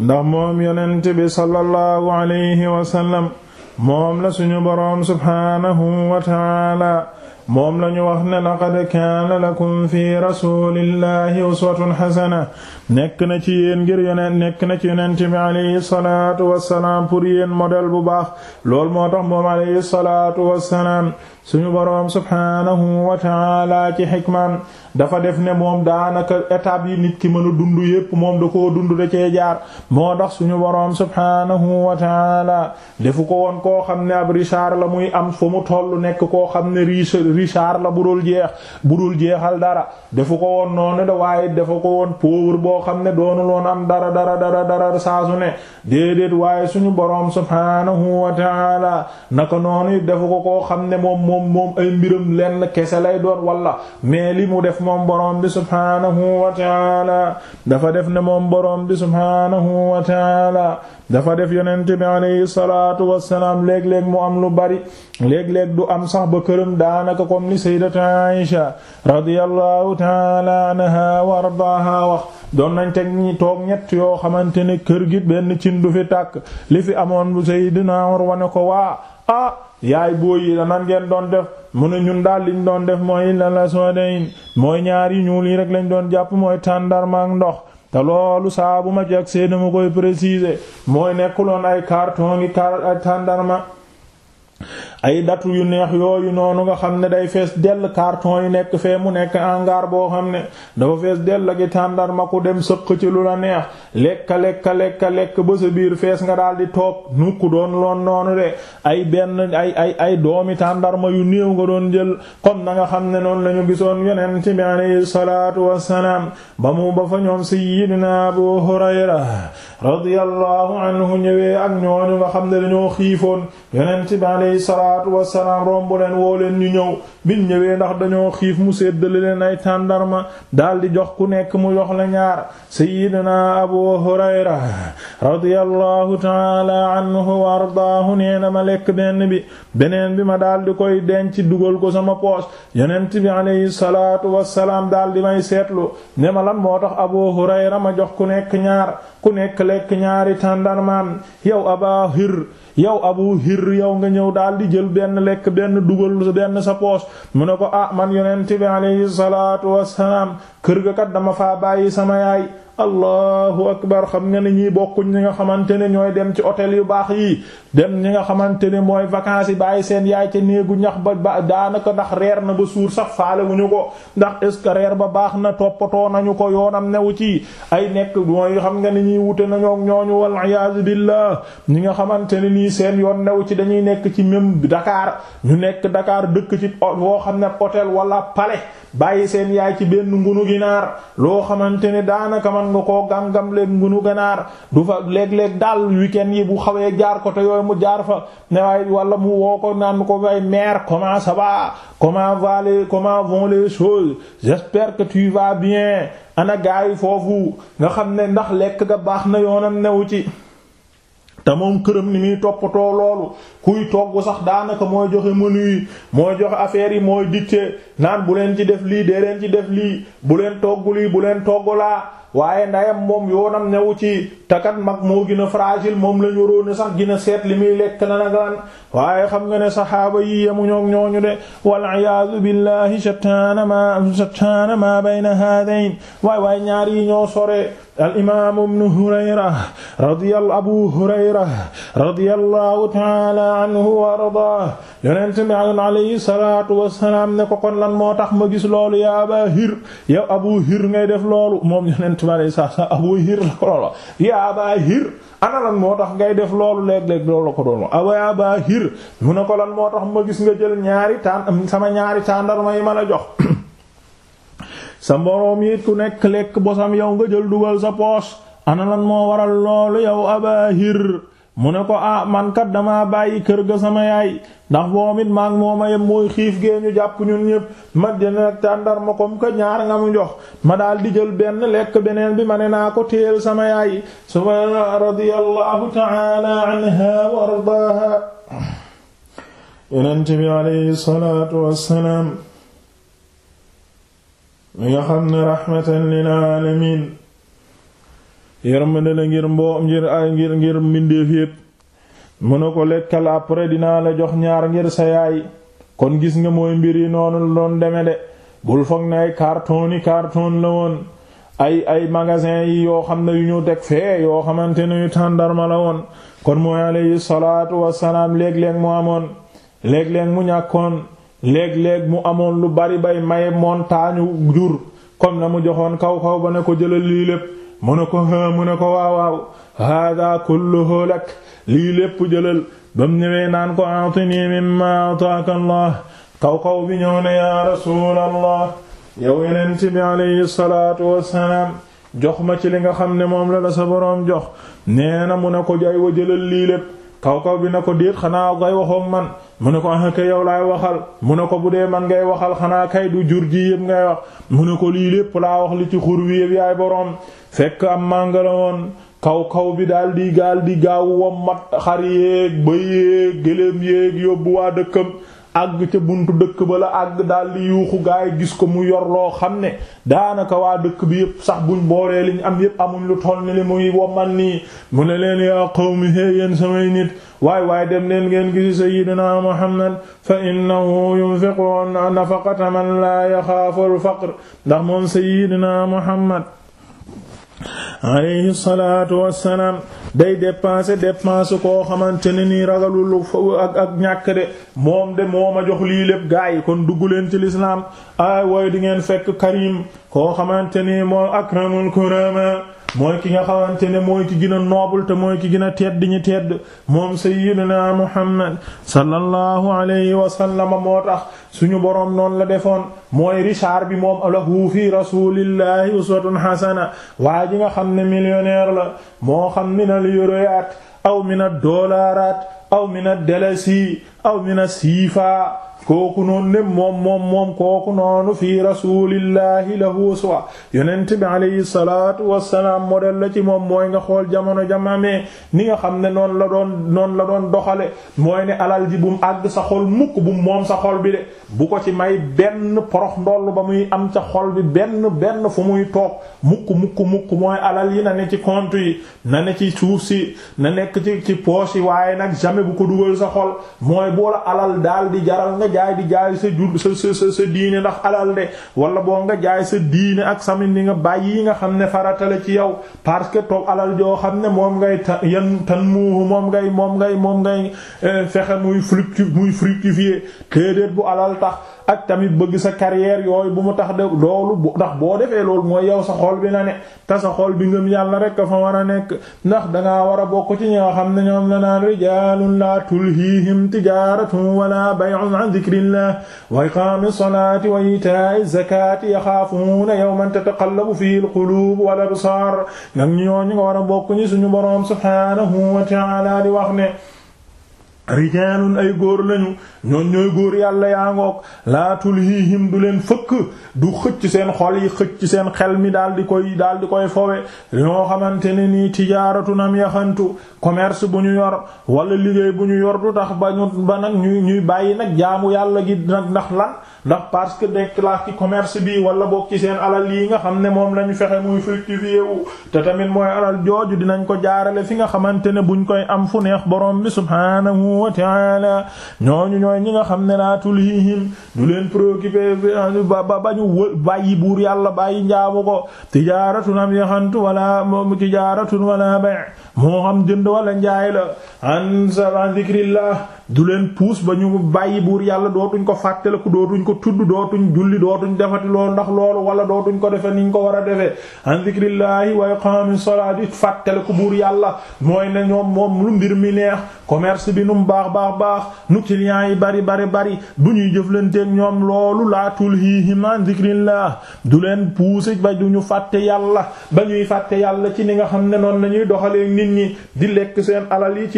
ndax moom yonent bi sallallahu alayhi wa sallam moom la suñu boroom subhaanahu wa taala moom ñu wax ne laqad kaana lakum fi rasulillahi uswatun xasana nekk na ci yéen ngir yonent nekk na ci yonent bi alayhi salaatu wassalaam pour yéen modèle bu baax lool moo tax moom alayhi salaatu wassalaam suñu boroom subhaanahu wa ta'ala ci xikmaam dafa def ne moom daanaka étapes yi nit ki mën a dund yépp moom da koo dund da cee jaar moo tax suñu boroom subhaanahu wa ta'ala defu ko woon koo xam ne ab richard la muy am fu mu toll nekk koo xam ne riche richard la bu dul jeex bu dul jeexal dara defu ko woon noonu waaye dafa ko woon pauvre boo xam ne doonul woon am dara dara dara dara saasu ne déedéet waaye suñu boroom subhaanahu wa naka noonu defu ko koo xam ne moom moom moom ay mbiram lenn kese lay doon wala mais li mu def moom borom bi subhaanahu wa taala dafa def ne moom borom bi subhaanahu wa taala dafa def yonent bi alayhi salaatu wassalaam léeg-léeg mu am lu bari léeg-léeg du am sax ba këram daanaka comme ni sayyidatu Aisha radiyallahu taala anha wa ardaaha wax doon nañ teg ñi toog ñett yoo xamante ne kër gi benn cin du fi tàkk li fi amoon bu Seydina Umar wane ko waa ah yaay booy yi nan ngeen doon def mu ne ñun daal liñ doon def mooy la la sodayin mooy ñaari ñuul yi rek lañ doon jàpp mooy tàndarma ak ndox te loolu saa bu ma ci ak see dama koy préciser mooy nekkuloon ay carton ngi kar ay tàndarma ay datu yu neex yooyu noonu nga xam ne day fees dell carton yi nekk fee mu nekk hangar boo xam ne dafa fees dell gi tàndar ma ku dem sëq ci lu la neex lekka lekka lekka lekk ba sa biir fees nga daal di toog nukk doon loon noonu de ay benn ay ay ay doomi tàndarma yu néew nga doon jël comme na nga xam ne noonu lañu ñu gisoon yonent bi alayhi salaatu wassalaam ba mu ba fa ñoom sayyidina Abu Hurayra radiyallahu anhu ñëwee ak ñooñu nga xam ne dañoo xiifoon yonent salaatu wassalaam romb leen woo leen ñu ñëw bin ñëwee ndax dañoo xiif mu séddale leen ay tàndarma daldi jox ku nekk mu jox la ñaar sayyidina abu hurayra radiyallahu taala anhu wa ardaahu nee ma lekk benn bi beneen bi ma daldi koy denc dugal ko sama poos yonent bi alayhi salaatu wassalaam daldi may seetlu ne ma lan tax abu hurayra ma jox ku nekk ñaar ku nekk lekk ñaari tàndarmaam yow aba hir yow abu hir yow nga ñëw daal di jël benn lekk benn dugal benn sa poos mu ne ko ah man yonent bi alayhi kër ga kat dama faa bàyyi sama yaay allahu akbar xam nga ne ñii bokkuñ ñi nga xamante ne ñooy dem ci hôtel yu baax yi dem ñi nga xamante ne mooy vacances yi bàyyi seen yaay ca néegu ñax ba ba daanaka ndax reer na ba suur sax faale ñu ko ndax est reer ba baax na toppatoo nañu ko yoonam new ci ay nekk mooy xam nga ne ñuy wute nañoo ñooñu wal iyaazu billah ñi nga xamante ne nii seen yoon newu ci dañuy nekk ci même Dakar ñu nekk Dakar dëkk ci woo xam ne hôtel wala palais bàyyi seen yaay ci benn ngunu ginaar man nga koo gam-gam léeg ngunu ganaar du fa léeg-léeg daal week-end yi bu xawee jaar ko te yooyu mu jaar fa ne waay wala mu woo ko naan ko way maire comment ça va comment va les comment vont les choses j'espère que tu vas bien ana gaay foofu nga xam ne ndax lekk nga baax na yoonam newu ci te moom këram ni muy toppatoo loolu kuy togg sax daanaka mooy joxe menu yi mooy joxe affaire yi mooy dicté naan bu leen ci def lii dee leen ci def lii bu leen waaye ndeyam moom yoonam newu ci takat mag moo gën a fragile moom la ñu waroon sax gën a seet li muy lekk la nag waaye xam nga ne saxaaba yi yemuñoo ñooñu de wal iyaadu billahi shattaana ma shattaana ma bayna haadayn waay ñaar yi ñoo sore al imaamu ibnu Hurayra radiyallahu Abu Hurayra radiyallahu ta'ala anhu wa ardaa yonent bi alayhi salaatu wa salaam ne ko kon lan moo tax ma gis loolu yaa Aba Hir yow Abu Hir ngay def loolu moom yonent bi alayhi salaatu Abu Hir la ko loolu yaa Aba Hir ana lan moo tax ngay def loolu léeg-léeg loolu la ko doon awa yaa Hir mu ne ko lan moo tax ma gis nga jël ñaari taan sama ñaari tàndarma yi ma la jox. sa moroom it ku nekk lekk bosam yow nga jël dugal sa poos ana lan moo waral loolu yow abahir mu ne ko ah man kat damaa bàyyi kër ga sama yaay ndax moom it moom a yem mooy xiif gee ñu jàpp ñun ñëpp ma jënd ak ma comme ñaar nga mu jox ma daal di jël benn lekk beneen bi ma ne naa ko téyel sama yaay suma radiyallahu ta'ala wa ardaaha yonent bi alayhi salaatu wassalaam mi nga xam ne raxmatan lil aalamiin yërmande la ngir ngir ay ngir ngir mbindeef yépp mën na ko lekkal après dinaa la jox ñaar ngir sa yaay kon gis nga mooy mbir yi noonu la doon deme de bul foog ne ay carton yi carton la woon ay ay magasin yi yoo xam ne yu ñu teg fee yoo xamante ne yu tàndarma la woon kon mooy alayhi salaatu wassalaam léeg-léeg mu amoon léeg-léeg mu ñàkkoon léeg-léeg mu amoon lu bari bay maye montagne jur kon na mu joxoon kaw kaw ba ne ko jëlal lii lépp mu ne ko ha mu ne ko waawaaw waaw hada kulluhu lak lii lépp jëlal ba mu ñëwee naan ko atini mimma ataaka allah kaw kaw bi ñëw ne ya rasul allah yow yeneen ci wassalaam jox ma ci li nga xam ne moom la la sa boroom jox nee na mu ne ko jay wa jëlal lii lépp kaw kaw bi na ko déet xanaa ngay waxoon man mu ne ko ah yow laay waxal mu ne ko bu dee man ngay waxal xanaa kay du jur ji yëpp ngay wax mu ne ko lii lépp laa wax li ci xur wi yëpp yaay boroom fekk am mànga la woon kaw kaw bi daal di gaal di gaaw wom mat xar yéeg bëy yéeg gëléem yéeg yóbbu waa dëkkam àgg ca buntu dëkk ba la àgg daal di yuuxu gaay gis ko mu yor loo xam ne daanaka waa dëkk bi yépp sax buñ boolee liñ am yépp amuñ lu toll ni li muy womman nii mu ne leen yaa qawmi hee yéen samay nit waay waay dem leen ngeen gisi sayyidina Muhammad fa innahu yunfiqu nafaqatan man laa yaxaafu al faqr ndax moom sayyidina Muhammad alayhi salaatu wassalaam day dépenser dépense koo xamante ne nii ragalul ak ak ñàkk de moom de moo ma jox lii lépp gaa yi kon dugg leen ci lislaam ay wooy di ngeen fekk karim koo xamante ni moo akramul kurama mooy ki nga xamante ne mooy ki gën a te mooy ki gën a tedd ñi tedd moom sayyidina Muhammad sallallahu alayhi wa sallam moo tax suñu boroom noonu la defoon mooy Richard bi moom lahu fi rasulillahi uswatun hasana waa ji nga xam ne millionnaire la moo xam min al euroyaat aw min ad dollaraat aw min ad dalasi aw min as siifa kooku noonu ne moom moom moom kooku noonu fii rasulillahi lahu suwa yonent bi alayhi salaatu wassalaam modèle la ci moom mooy nga xool jamono jamamee ni nga xam ne noon la doon noonu la doon doxale mooy ne alal ji bu mu àgg sa xol mukk bu moom sa xol bi de bu ko ci may benn porox ndoll ba muy am ca xol bi benn benn fu muy toog mukk mukk mukk mooy alal yi na ne ci compte yi na ne ci suuf si na nekk ci ci poche yi waaye nag jamais bu ko dugal sa xol mooy boola jaay di jaay sa jur sa sa sa diine ndax alal de wala boo nga jaay sa diine ak samit ni nga bàyyi yi nga xam ne farata la ci yow parce que toog alal joo xam ne moom ngay ta yan tan muuhu moom ngay moom ngay moom ngay eh, fexe muy fluctu muy fructifier téedéet bu alal tax ak tamit bëgg sa carrière yooyu bu mu tax de loolu ndax boo defee loolu mooy yow sa xol bi na ne te sa xol bi ngëm yàlla rek fa war a nekk ndax dangaa war a bokk ci na xam ne ñoom la naan rijalun la tulhihim tijaratun wala bay'un an dhikrillah wa iqamis salati wa ita'iz zakati yaxaafuuna yawman tataqallabu fihi alqulub wal absar nag ñooñu nga war a bokk ñi suñu boroom subhanahu wa ta'ala di wax ne rijaalun ay góor lañu ñoon ñooy góor yàlla yaa ngoog yi tulhiihim du leen fëkk du xëcc seen xol yi xëcc seen xel mi daal di koy daal di koy fowe ñoo xamante ne nii tijaaratu nam yaxantu commerce bu ñu yor wala liggéey bu ñu yor du tax ba ñu nag ñuy bàyyi nag jaamu yàlla gi nag ndax la ndax parce que de laa ci commerce bi wala bokk ci seen alal yi nga xam ne moom lañu fexe muy fructifier wu te tamit mooy alal jooju dinañ ko jaarale fi nga xamante ne buñ koy am fu neex borom bi subhanahu wa ta'ala ñooñu ñooy ñi nga xam ne laa tulhihim du leen préoccupé ba ba bañu wë bàyyi buur yàlla bàyyi njaamu ko tijaratun am yaxantu wala tijaratun wala bay' moo xam jënd wala njaay la an sa dhikrillah du leen puus ba ñu bàyyi buur yàlla doo tuñ ko doo dootuñ ko tudd dootuñ julli dootuñ defati loolu ndax loolu wala dootuñ ko defe niñ ko war a defee an zikrillahi wa iqamis salati fàttaliku buur yàlla mooy ne ñoom moom lu mbir mi neex commerce bi num baax baax baax nu clients yi bari bari bari du ñuy jëflanteeg ñoom loolu laa tulhihim an zikrillah du leen puus ba du ñu fàtte yàlla ba ñuy fàtte yàlla ci ni nga xam ne noonu la ñuy doxalee nit ñi di lekk seen alal yi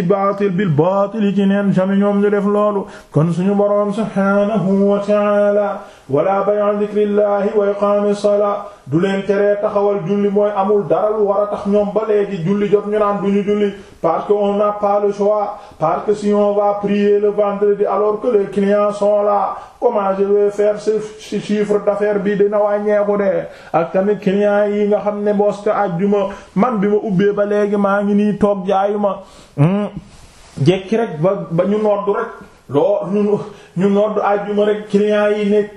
ñoom ñu def loolu kon suñu boroom subhaanahu wa ta'ala wala bay'a dhikrillahi wa iqaami salaa du leen teree taxawal julli mooy amul dara lu war a tax ñoom ba léegi julli jot ñu naan duñu julli parce que on n'a pas le choix si on va prier le vendredi alors que les clients sont là comment je vais faire chiffre d'affaires bi dina wàññeeku de ak tamit clients yi nga xam ne boska ajjuma man bi ma ubbee ba léegi maa ngi nii toog jaayuma hmm. jekki rek ba ba ñu noddu rek loo ñu ñu noddu àjjuma rek client yi ne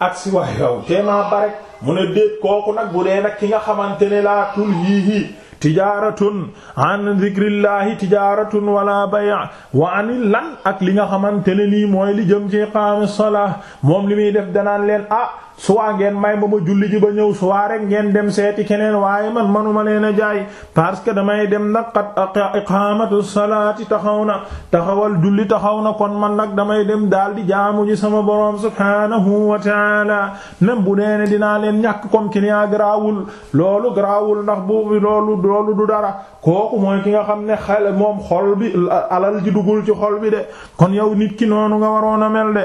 ak si wax yow teemaa ba rek mu ne déet kooku nag bu dee nag ki nga xamante ne laa tulhiihi tijaaratun an dhikrillahi tijaaratun wala bay' wa anil lan ak li nga xamante ne nii mooy li jëm ci iqaami salaa moom li muy def danaan leen ah suwaa ngeen may ma ma julli ji ba ñëw suwaa rek ngeen dem seeti keneen waaye man manuma leen a jaay parce que damay dem nag qad iqaamatu salaati taxaw na taxawal julli taxaw na kon man nag damay dem daal di jaamu ji sama boroom subhaanahu wa taala même bu nee ne dinaa leen ñàkk comme client grawul loolu grawul ndax bu loolu loolu du dara kooku mooy ki nga xam ne xel moom xol bi alal ji dugul ci xol bi de kon yow nit ki noonu nga waroon a mel de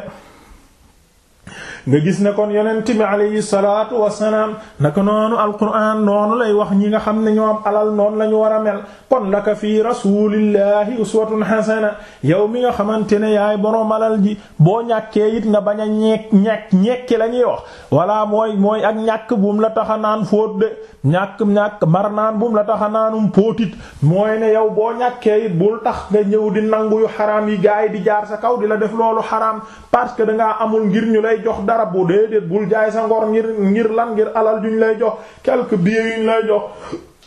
nga gis ne kon yeneen yonent bi alayhi salaatu wasalaam naka noonu alquran noonu lay wax ñi nga xam ne ñoom alal noon la ñu war a mel kon laka fii rasulillahi uswatun hasana yow mi nga xamante ne yaay boroom alal ji boo ñàkkee it nga bañ a ñekk ñekk ñekki la ñuy wax walla mooy mooy ak ñàkk buum la taxa naan fóot de ñàkk ñàkk mar naan bu la taxa a naanum póotit mooy ne yow boo ñàkkee it bul tax nga ñëw di nangu yu xaraam yi gaay di jaar sa kaw di la def loolu xaram parce que dangaa amul ngir ñu lay jox dara bu déedéet bul jaay sa ngor ngir ngir lan ngir alal juñ lay jox quelque billet yuñ lay jox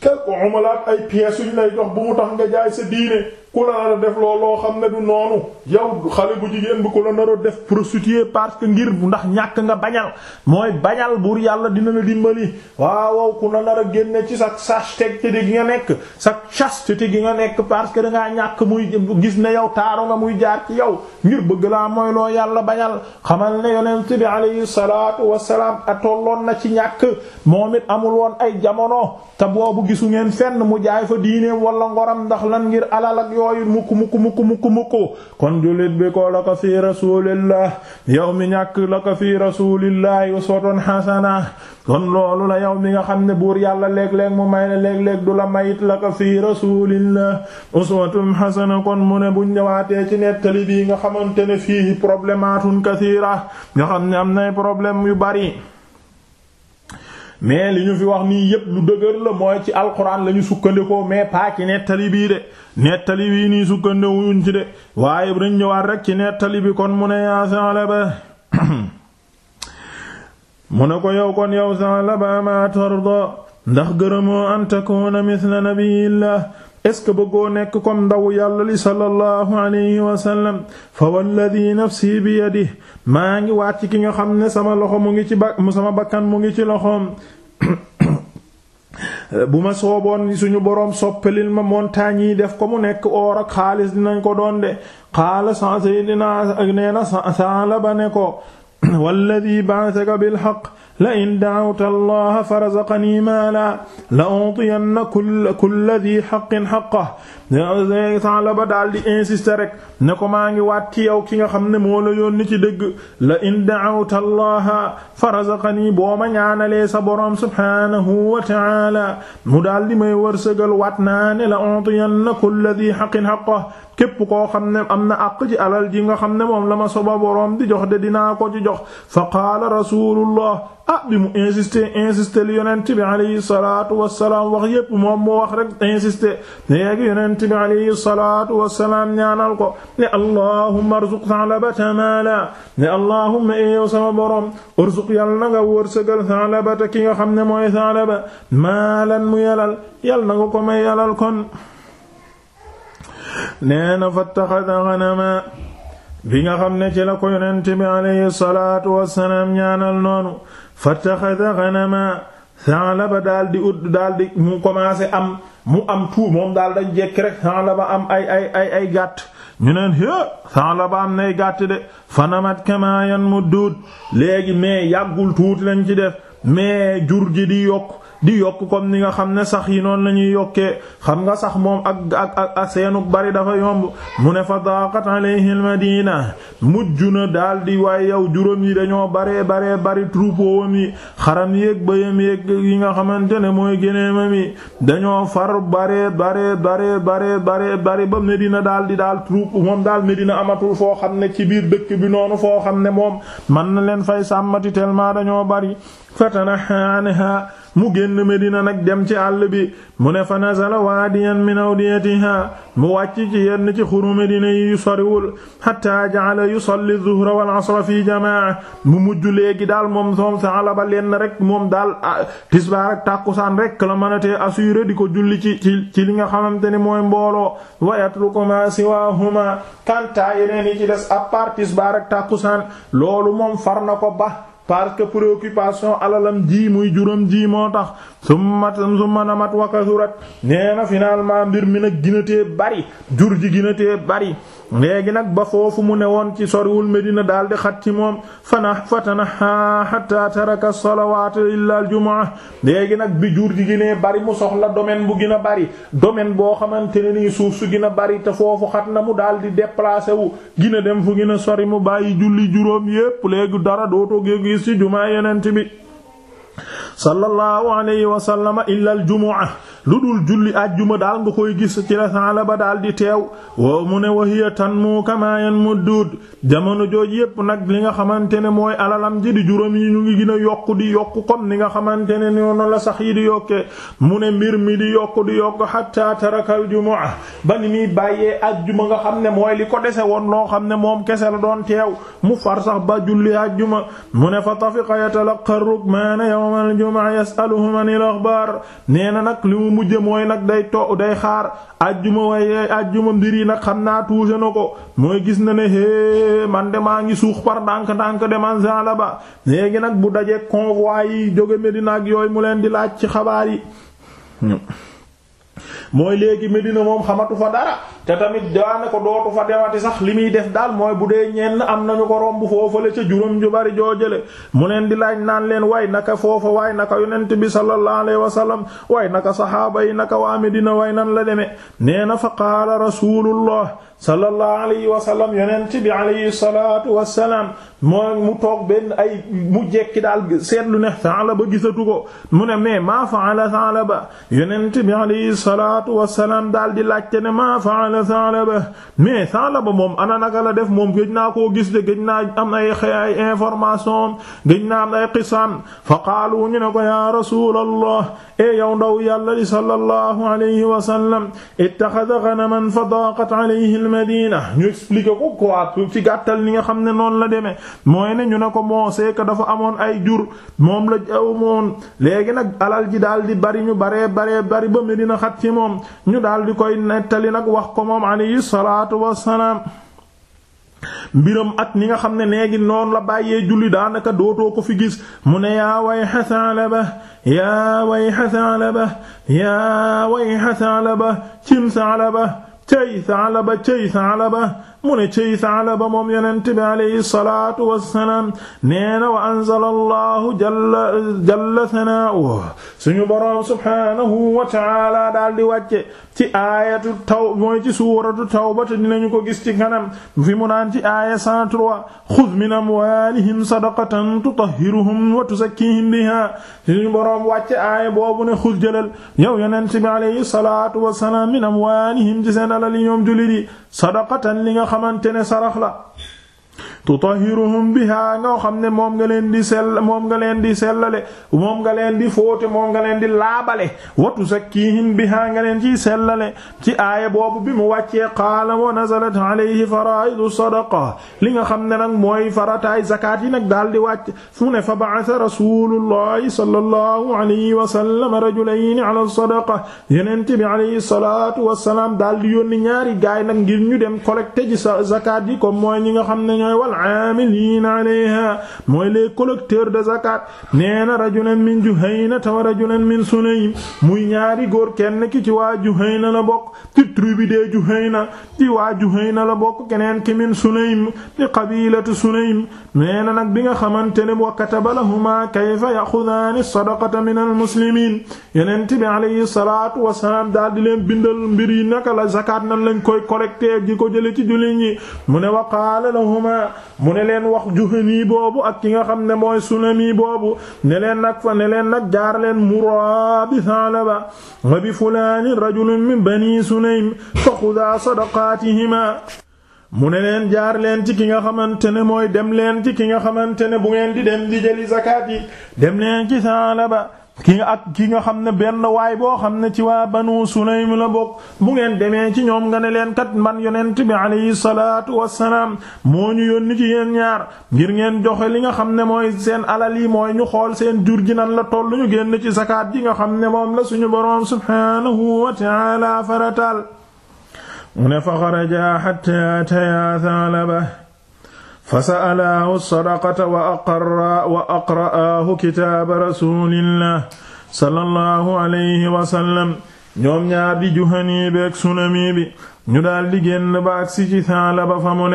quelque umalaat ay pièces lay jox bu mu tax nga jaay sa diine. ku la nar a def looloo xam ne du noonu yow xale bu jigéen bi ku la nar a def prostituée parce que ngir ndax ñàkk nga bañal mooy bañal buur yàlla dina la dimbali waaw waaw ku la nar a génne ci sa chasteté gi nga nekk sa chasteté gi nga nekk parce que da ngaa ñàkk muy gis ne yow taaru nga muy jaar ci yow ngir bëgg laa mooy loo yàlla bañal xamal ne yonent bi alayhi salaatu wassalaam atolloon na ci ñàkk moom it amul woon ay jamono te boobu gisu ngeen fenn mu jaay fa diineem wala ngoram ndax lan ngir alal ak yoo yooyu mukk mukk mukk mukk kon jullit bi ko la ko fi rasulillah yow mi ñàkk la ko fi rasulillah uswatun hasana kon loolu la yow mi nga xam ne buur yàlla léeg-léeg mu may la léeg-léeg du la mayit la ko fi rasulillah uswatun hasana kon mu ne buñ ñëwaatee ci nettali bii nga xamante ne fii problèmatun kathira nga xam ne am nay problème yu bari mais li ñu fi wax nii yépp lu dëgër la mooy ci alquran la ñu sukkandikoo mais pas ci nettali bii de nettali bii nii sukkandiwuñ ci de waaye bu ñu ñëwaat rek ci nettali bi kon mu ne yaa Sa'laba mu ne ko yow kon yow Sa'laba ma tarda ndax gërëmoo an takuna mithla nabiyillah est-ce que bëggoo nekk comme ndaw yàlla li sallallahu alayhi wa sallam fa walladi nafsi bi yadihi maa ngi waat ci ki nga xam ne sama loxo mu ngi ci ba sama bakkan mu ngi ci loxoom bu ma sooboon suñu boroom soppalil ma montagne yi def ko mu nekk oor ak xaalis dinañ ko doon de xaala sa saydina nee na sa la ba ne ko walladi ba'athaka bil haqq la in da'awta allaha farazaqani maala la utiyanna kull kulla di haqqin haqqahu Sa'laba daal di insister rek ne ko maa ngi waat ci yow ki nga xam ne moo la yónni ci dëgg la in da'awta allaha farazaqani boo ma ñaanalee sa boroom subhaanahu wa ta'aala mu daal di may wërsëgal waat naa ne la utiyanna kulla di haqqin haqqahu képp ko xam ne am na àq ci alal ji nga xam ne moom la ma soba boroom di jox de dinaa ko ci jox fa qaala rasulullah ah bi mu insisté insisté li yonent bi alayhi salaatu wasalaam wax yépp moom moo wax rek insisté léegi yonent bi alayhi salaatu wasalaam ñaanal ko ne allahumma arzuq thalabata maala ne allahumma eh, yow sama borom arzuq yàlla na nga wërsëgal thalabata ki nga xam ne mooy thalaba maalan mu yalal yal na nga ko may yalal kon nee na fattaxada xanama bi nga xam ne ci la ko yonent bi salaatu wassalaam ñaanal noonu fattaxada xanama Saalaba daal di ut daal mu commencé am mu am tout moom daal dañ jekk rek Saalaba am ay ay ay ay gàtt ñu neen hé Saalaba am nay gàtt de fanamat kama mu duut léegi mais yàggul tuut lañ ci def mais jur ji di yokk di yokk comme ni nga xam ne sax yi noonu la ñuy yokkee xam nga sax moom ak ak ak seenu bari dafa yomb mu ne fa daqat alayhi al madina mujj na daal di waaye yow juróom yi dañoo bare baree bari troupeau wam yi xaram yéeg bayam yéeg yi nga xamante ne mooy géneemam yi dañoo far baree baree baree baree baree bari ba Medina daal di daal troupeau moom daal Medina amatul foo xam ne ci biir dëkk bi noonu foo xam ne moom man na leen fay sàmmati tellement dañoo bari fatanaha anha mu génn génn Medina nag dem ci àll bi mu ne fa nazala waadiyan min awdiyatiha mu wàcc ci yenn ci xuru Medina yi yu soriwul hatta ja'ala yusalli zuhra wal asra fi jamaa mu mujj léegi daal moom soom saala ba lenn rek moom daal ah, tisbaar ak tàkkusaan rek la mën a tee assuré di ko julli ci ci ci li nga xamante ne mooy mbooloo wa yatruku ma siwahuma kanta yeneen yi ci des à part tisbaar ak tàkkusaan loolu moom far na ko ba parce que préoccupation alalam ji muy juróom jii moo tax summa summa namat wakasurat nee na finalement mbir mi nag gina tee bari jur ji gina tee bari léegi nag ba foofu mu ne woon ci soriwul Medina daal di xat ci moom fana fatanaha hatta taraka salawaat illa aljumaa léegi nag bi jur gi gënee bari mu soxla domaine bu gën a bari domaine boo xamante ne nii suuf su gën a bari te foofu xat na mu daal di déplacé wu gën dem fu gën a sori mu bàyyi julli juróom yépp léegi dara dootoo gis ci jumaa yeneen bi sallallahu alayhi wa sallama illa al jumu'a lu dul julli àjjuma daal nga koy gis ci la Saalaba daal di teew woo mu ne wahiya tanmu kama yanmudud jamono jooj yépp nag li nga xamante ne mooy alalam ji di juróom yi ñu ngi gën a yokku di yokk comme ni nga xamante ne noonu la sax yi di yokkee mu ne mbir mi di yokk di yokk hatta tarakal jumu'a ba ni muy bàyyee àjjuma nga xam ne mooy li ko dese woon loo xam ne moom kese la doon teew mu far sax ba julli ma yasaluhu anil axbaar nee na nag li mu mujje mooy nag day to day xaar ajjuma waaye ajjuma mbir yi nag xam naa tuuse na ko mooy gis na ne hee man de maa ngi suux par dànk ndànk de la ba léegi nag bu dajee convoi yi jóge Medina ak yooy mu leen di laaj ci xabaar yi mooy léegi Medina moom xamatu fa dara te tamit daane ko dootu fa dewati sax li muy def daal mooy bu dee ñenn am nañu ko romb foofale ca juróom ju bari joojale mu leen di laaj naan leen way naka foofa waay naka yonent bi sallallahu alayhi wa sallam way naka saxaaba yi naka waa Medina way nan la demee nee na fa qaala rasulullah sallallahu alayhi wa sallam yonent bi alayhi salaatu wassalaam moo mu toog benn ay mu jekki daal seetlu ne Saalaba gisatu ko mu ne mais maa faala Saalaba yonent bi alayhi salaatu wassalaam daal di laajte ne maa faala ana Saalaba mais Saalaba moom ana naka la def moom gëj naa koo gis de gëj naa am ay ay information gëj naa am ay xisaam fa qaalu ñu ne ko ya rasuulallah e yow ndaw yàlla li sallallahu alayhi wa sallam ittaxada ganaman fa daaqat alayhi al-madiina ñu expliqué ko quoi ci gàttal ni nga xam ne noon la demee mooy ne ñu ne ko moo seeka dafa amoon ay jur moom la amoon léegi nag alal ji daal di bari ñu baree baree ba Medina xat ci moom ñu daal di koy nettali moom alayhi salaatu wassalaam mbiram ak ni nga xam ne léegi noonu la bàyyee julli daanaka dootoo ko fi gis mu ne yaa wayha Saalaba yaa wayha Saalaba yaa wayha Saalaba cim Saalaba cey Saalaba cey Saalaba mu ne cey Saalaba moom yonent bi alayhi salaatu wassalaam nee na wa anzala allahu jalla jalla sanaahu suñu boroom subhaanahu wa ta'aala daal di wàcce ci aayatu taw mooy ci suuratu tawba te dinañu ko gis ci kanam fi mu naan ci aaya 103 xud min amwalihim sadaqatan tutahhiruhum wa tuzakkihim biha suñu boroom wàcce aaya boobu ne xud jëlal yow yonent bi alayhi salaatu wasalaam min amwalihim ci seen li yi ñoom jullit yi sadaqatan li nga xamante ne sarax la tutahiruhum biha nga xam ne moom nga leen di sell moom nga leen di sellale moom nga leen di fóote moom nga leen di laabale wa tuzakkihim biha nga leen ciy sellale ci aaya boobu bi mu wàccee qaala wa nazalat alayhi faraidu sadaqa li nga xam ne nag mooy farataay zakat yi nag daal di wàcc fu ne fa ba'atha rasulullahi sallallahu alayhi wa sallam rajulayni ala sadaqa yenente bi alayhi salatu wasalaam daal di yónni ñaari gaay nag ngir ñu dem collecter ji zakat yi comme mooy ñi nga xam ne ñooy wal aamiliina mooy les collecteurs de zakat nee na rajulan min Juhayna wa rajulan min Sulaym muy ñaari góor kenn ki ci waa Juhayna la bokk ci tribu de Juhayna ci waa Juhayna la bokk keneen ki min Sulaym ci qabilatu Sulaym nee na nag bi nga xamante ne wa kataba lahuma kayfa i sadaqata min almuslimiin yonent bi alayhi salaatu wasalaam daal di leen bindal mbir yi naka la zakat nan lañ koy collecter di ko jële ci jullit ñi mu wa qaala lahuma Juhana mu ne leen wax Juhani boobu ak ki nga xam ne mooy Sulami boobu ne leen nag fa ne leen nag jaar leen Murra bi Salaba wa bi fulaani rajulun min bani Sulaym fa xudaa sadaqaatihima mu ne leen jaar leen ci ki nga xamante ne mooy dem leen ci ki nga xamante ne bu ngeen di dem di jëli zakat yi dem leen ci Salaba kii nga ak ki nga xam ne benn waay boo xam ne ci waa banu sulaym la bokk bu ngeen demee ci ñoom nga ne leen kat man yonent bi alayhi salaatu wassalaam moo ñu yónni ci yéen ñaar ngir ngeen joxe li nga xam ne mooy seen alal yi mooy ñu xool seen jur gi nan la tollu ñu génn ci zakaat ji nga xam ne moom la suñu boroom subhaanahu wa ta'ala faratal mu ne fa xaraja hatta ataya Tha'laba fasa'alaahu sadaqata wa aqra wa aqra'aahu kitaaba rasulillah alayhi wa ñoom ñaar di Juhani ñu daal di ba agsi ci fa mu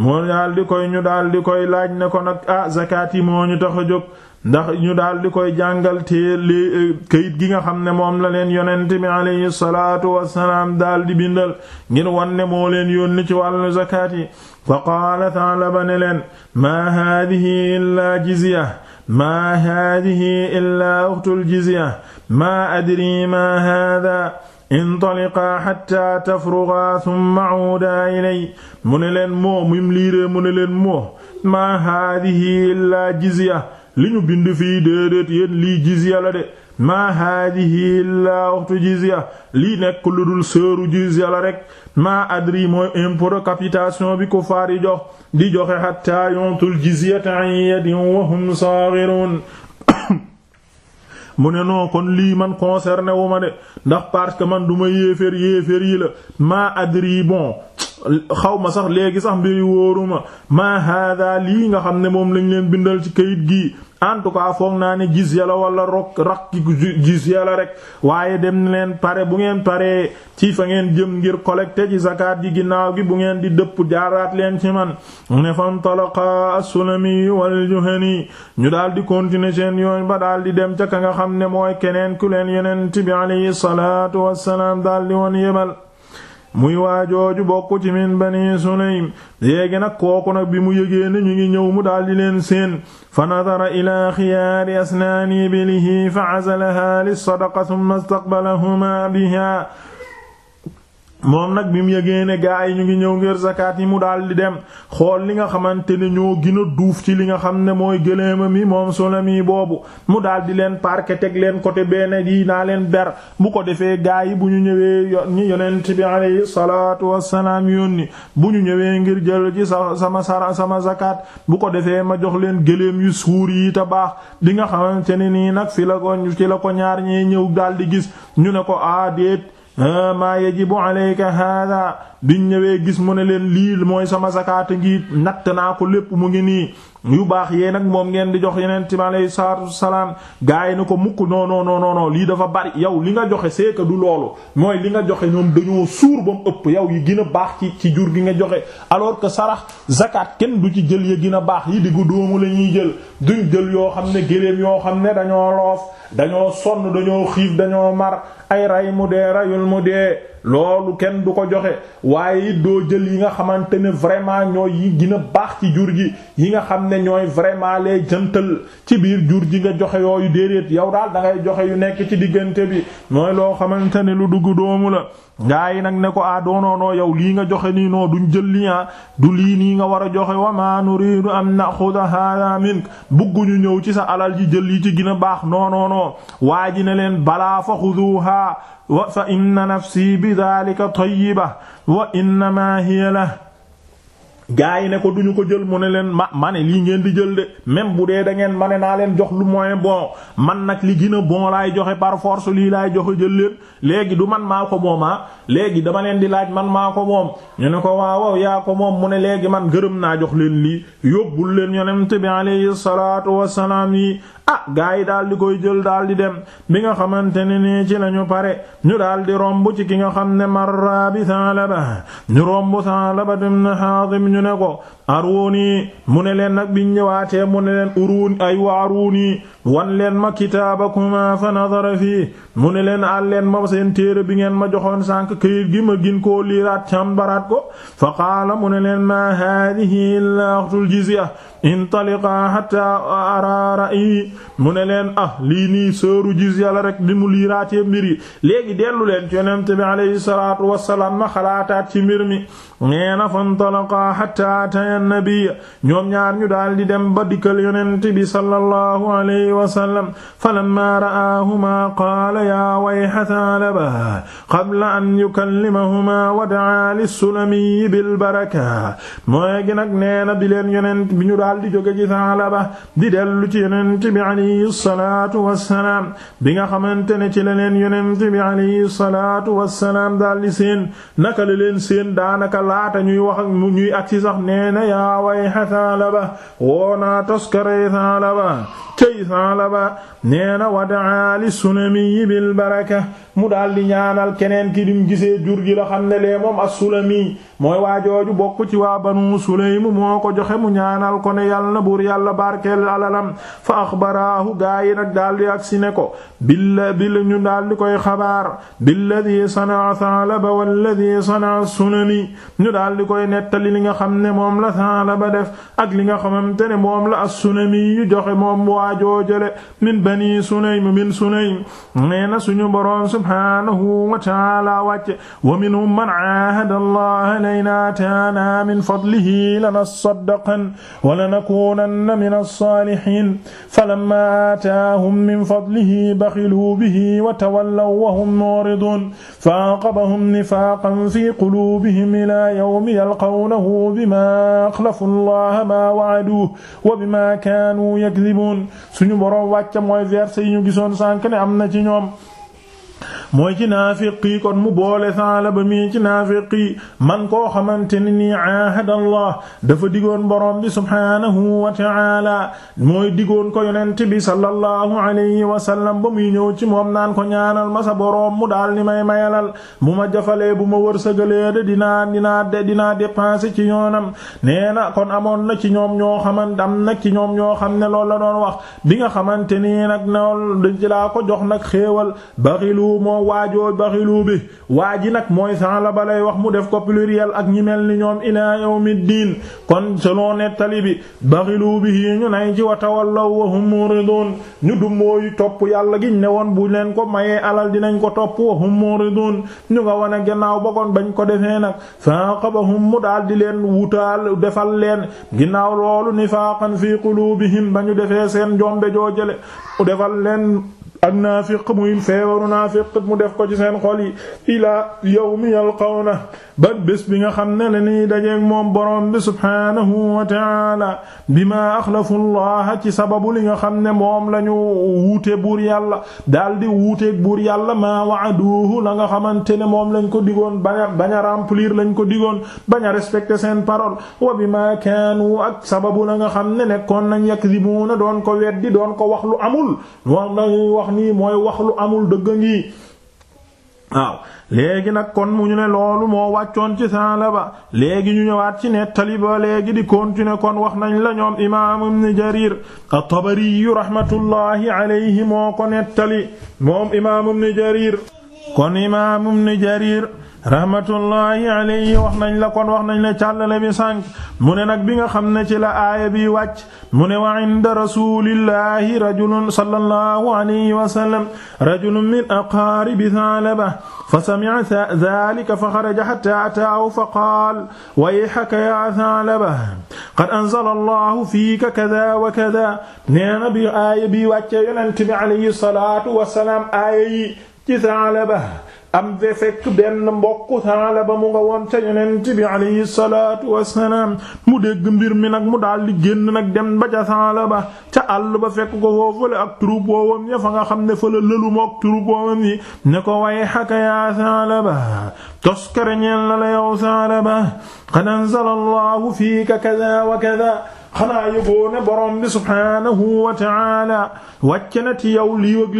mu daal koy ñu daal koy laaj ne ko nag ah zakat yi ndax ñu daal di koy jàngal teel kayit gi nga xam ne moom la leen yonent bi alayhi salaatu wassalaam daal di bindal ngir wan moo leen yónni ci wàllu zakaat yi fa qaala Taalaba ne leen maa haadihi illaa jizya maa haadihi illaa uxtul jizya maa adri maa haadaa intaliqaa xatta tafrugaa summa uudaa ilay mu ne leen moo mim liiree mu ne leen moo maa haadihi illaa jizya li ñu bind fii déedéet yéen lii jizya la de maa haadihi illaa jizya lii nekk lu dul seeru jizya la rek maa adri mooy impôt capitation bi kufaar yi jox di joxe hatta yontul jizyata an yadin wa hum mu ne non kon lii man concerné wu ma de ndax parce que man du ma yéeféer yéeféer yi la maa adri bon xaw sax léegi sax mbiri wóoruma ma hada lii nga xam ne moom lañ leen bindal ci kayit gi en tout cas foog naa ne gis yàlla wala rok rak gis rek waaye dem leen pare bu ngeen pare ci fa ngeen jëm ngir collecté ci zakat gi ginnaaw gi bu ngeen di dëpp jaaraat leen ci man ne a as-Sulami wal Juhani ñu daal di continuer seen yoon ba daal di dem ca ka xam ne mooy keneen ku leen yonent bi alayhi salaatu wassalaam daal woon yebal muy waajooju bokk ci min bani sulaym léegi nag kooku nag bi mu yëgee ne ñu ngi ñëw mu daldi leen seen fa nadara ila xiyaari asnaani bilihi fa azalaha lisadaqa thumma istaqbalahuma biha moom nag bi mu yëgee ne gaa yi ñu ngi ñëw ngir zakat yi mu daal di dem xool li nga xamante ne ñoo gën duuf ci li nga xam ne mooy gëléema mi moom solami boobu mu daal di leen park teg leen côté benn yi naa leen ber bu ko defee gaa yi bu ñu ñëwee ñi yonent bi alayhi salaatu wassalaam yónni bu ñu ñëwee ngir jël ji sa sama sara sama zakat bu ko defee ma jox leen gëléem yu suur yi te baax di nga xamante ne nii nag fi la ko ci la ko ñaar ñee ñëw daal di gis ñu ne ko aadeet ah, maa yajibu alayka hada biñ ñëwee gis mu ne leen lii mooy sama zakaata ngi natt naa ko lépp mu ngi nii yu baax yee nag moom ngeen di jox yeneen time aleyhi salaatu wassalaam gaa yi ni ko mukk non non non non lii dafa bari yow li nga joxe c'est que du loolu mooy li nga joxe ñoom dañoo suur ba ëpp yow yi gën a baax ci ci jur gi nga joxe alors que sarax zakat kenn du ci jël yi gën a baax yi diggu doomu la ñuy jël duñ jël yoo xam ne géléem yoo xam ne dañoo loof dañoo sonn dañoo xiif dañoo mar ay ray mu dee rayul mu dee loolu kenn du ko joxe waaye it doo jël yi nga xamante ne vraiment ñooy yi gën baax ci jur gi yi nga xam ne ñooy vraiment les jantal ci biir jur ji nga joxe yooyu déedéet yow daal da joxe yu nekk ci diggante bi mooy loo xamante ne lu dugg doomu la ngaa yi nag ne ko ah doonoonoo yow lii nga joxe nii noo duñ jël li ah. du lii nii nga war a joxe wa ma nuridu am naxuda hada mink bugguñu ñëw ci sa alal ji jël yi ci gën a baax noonoonoo waa ji ne wa fa inna nafsi bi daalika tayyiba wa inna maa hiya la gaa yi ne ko duñu ko jël mu ne leen ma mane lii ngeen di jël de même bu dee da ngeen naa leen jox lu moyen boo man nag li gina a laay joxe par lii laay joxe jël leen léegi du man maa ko moomaa ah. léegi dama leen di laaj man maa ko moom ñu ne ko waaw waaw yaa ko moom mu ne léegi man gërëm naa jox leen lii yóbbul leen yonent bi alayhi yi a ah, gaa yi daal di koy jël daal di dem bi nga xamante ne nii ci lañu pare ñu daal di romb ci ki nga xam ne marra bi Saalaba ñu romb Saalaba ibn Haasim ñu ne ko aruuni mu ne leen nag biñ ñëwaatee mu ne leen uruun ay waaruuni wan leen ma kitaabakuma fa nadara fii mu ne leen àl leen ma seen téere bi ngeen ma joxoon sànq këyit gi ma gin koo liiraat càmbaraat ko fa qaala mu ne leen maa haadihi illaa axtul jizya intaliqaa hatta ara ra'yi mu ne leen a ah, lii nii sëru jizya la rek di mu liiraatee mbir yi léegi dellu leen ci yonent bi alayhi salaatu wassalaam ma xalaataat ci mbir mi nee na fa ntalaqaa hatta ataya nabiyya ñoom ñaar ñu daal di dem ba dikkal yonent bi sallallahu wasallam falammaa ra'aahumaa qaala yaa wayhataa labahaa qabla an yukallimahumaa wa da'aa lissulamiyyi bilbarakaa mooy gi nag nee na bi leen yonent bi ñu daal di jóge ci Saalaba di dellu ci yonent bi alayhi salaatu wassalaam bi nga xamante ne ci la leen yonent bi alayhi salaatu wassalaam daal di seen naka la leen seen daanaka laata ñuy wax ak ñuy agsi sax nee na yaa wayhataa labahaa woonaa toskare Saalaba cey Saalaba nee na wadaa li Sulami bil baraka mu daal di ñaanal keneen ki dim gisee jur gi la xam ne lee moom as-Sulami mooy waajooju bokk ci waa Banu Sulaym moo ko joxe mu ñaanal ko ne yàlla na buur yàlla barkeel alalam fa axbaraahu gaa yi nag daal di agsi ne ko billa bil ñu daal di koy xabaar billadi sanaa Saalaba walladi sanaa Sulami ñu daal di li nga xam ne moom la Saalaba def ak li nga xamante ne moom la as-Sulami joxe moom waajoojale min bani sunaym min sunaym nee na suñu boroom subhanahu wa taala wàcce wa minhum man aahada allah layna taana min fadlihi lanasaddaqan wa lanakunanna min as-salihin falamma aataahum min fadlihi bakhiluu bihi wa tawallaw wa hum muridun faaqabahum nifaaqan fi qulubihim ila yawmi yalqawnahu bima akhlafu allaha ma wa'aduhu wa bima kaanu yakdhibun suñu boroom wàcce mooy verset yi ñu gisoon sànk ne am na ci ñoom mooy ci naafiqi kon mu boole ba mii ci naafiqi man koo xamante ne nii aahadallah dafa digoon borom bi subhaanahu wa ta'ala mooy digoon ko yonent bi sallallahu alayhi wa sallam ba muy ñëw ci moom naan ko ñaanal ma sa borom mu daal ni may mayalal bu ma jafalee bu ma wërsëgalee de dinaa dinaa de dinaa dépenser ci yoonam nee na kon amoon na ci ñoom ñoo xamante am na ñoom ñoo xam ne loolu la doon wax bi nga xamante ni nag nool dañ ci laa ko jox nag xéewal baxilu moom waajoo baxilu bi waa ji nag mooy Saalaba lay wax mu def ko pluriel ak ñi mel ni ñoom ilaa yawmiddiin kon selon nettali bi baxilu bi yi ñu nay ci wa tawallaw wa hum muridun ñu du mooy topp yàlla giñ ne woon bu leen ko mayee alal dinañ ko topp wa hum muridun ñu nga wane gannaaw ba kon bañ ko defee nag faqabahum mu dal di leen wutaal defal leen ginnaaw loolu nifaaqan fi qulubihim ba ñu defee seen jombe joojale defal leen an naafiq muy feewaru naafiq mu def ko ci seen xol yi ilaa yawmi yalqawna ba bés bi nga xam ne la nii dajeeg moom borom bi subhaanahu wa bi bima axlafu allah ci sababu li nga xam ne moom la ñu wuute buur yàlla daal di wuuteeg buur yàlla maa waaduhu la nga xamante ne moom lañ ko digoon baña bañ lañ ko digoon bañ a seen parole wa bima kaanu ak sababu la nga xam ne nekkoon nañ yakdibuuna doon ko weddi doon ko wax lu amul moom la ñuy wax mooy wax lu amul dëgg ngi waaw léegi nag kon mu ñu ne loolu moo wàccoon ci Saalaba léegi ñu ñëwaat ci nettali ba léegi di continuer kon wax nañ la ñoom imaam ibn Jarir a tabari rahmatullahi alayhi moo ko nettali moom imaam ibn Jarir kon imaam ibn Jarir rahmatullahi alayhi wax nañ la kon wax nañ la càllale bi sànq mu ne nag bi nga xam ne ci la aaya bi wàcc mu ne wa inda rasulillahi rajulun sallallahu alayhi wa sallam rajulun min aqaribi Tha'laba fa sami'a dhalika fa kharaja hatta ataahu fa qaala wayhaka ya Tha'laba qad anzala allahu fiika kadha wa kadha nee na bi aaya bi wàcce yonent bi alayhi salatu wasalaam aaya yi ci Tha'laba am de fekk benn mbokk saala ba mu nga woon ca yonent salaatu wassalaam mu dégg mbir mi nag mu daal di génn nag dem ba ca saala ba ca àll ba fekk ko foofule ak troupe woowam ya fa nga xam ne fa la lëlu mook troupe woowam yi ne ko way xaka yaa saala ba tos kereñeel na la yow saala fiika kaza wa kaza xanaa yëgoo ne subhaanahu wa ta'ala wàcc na ci lii ak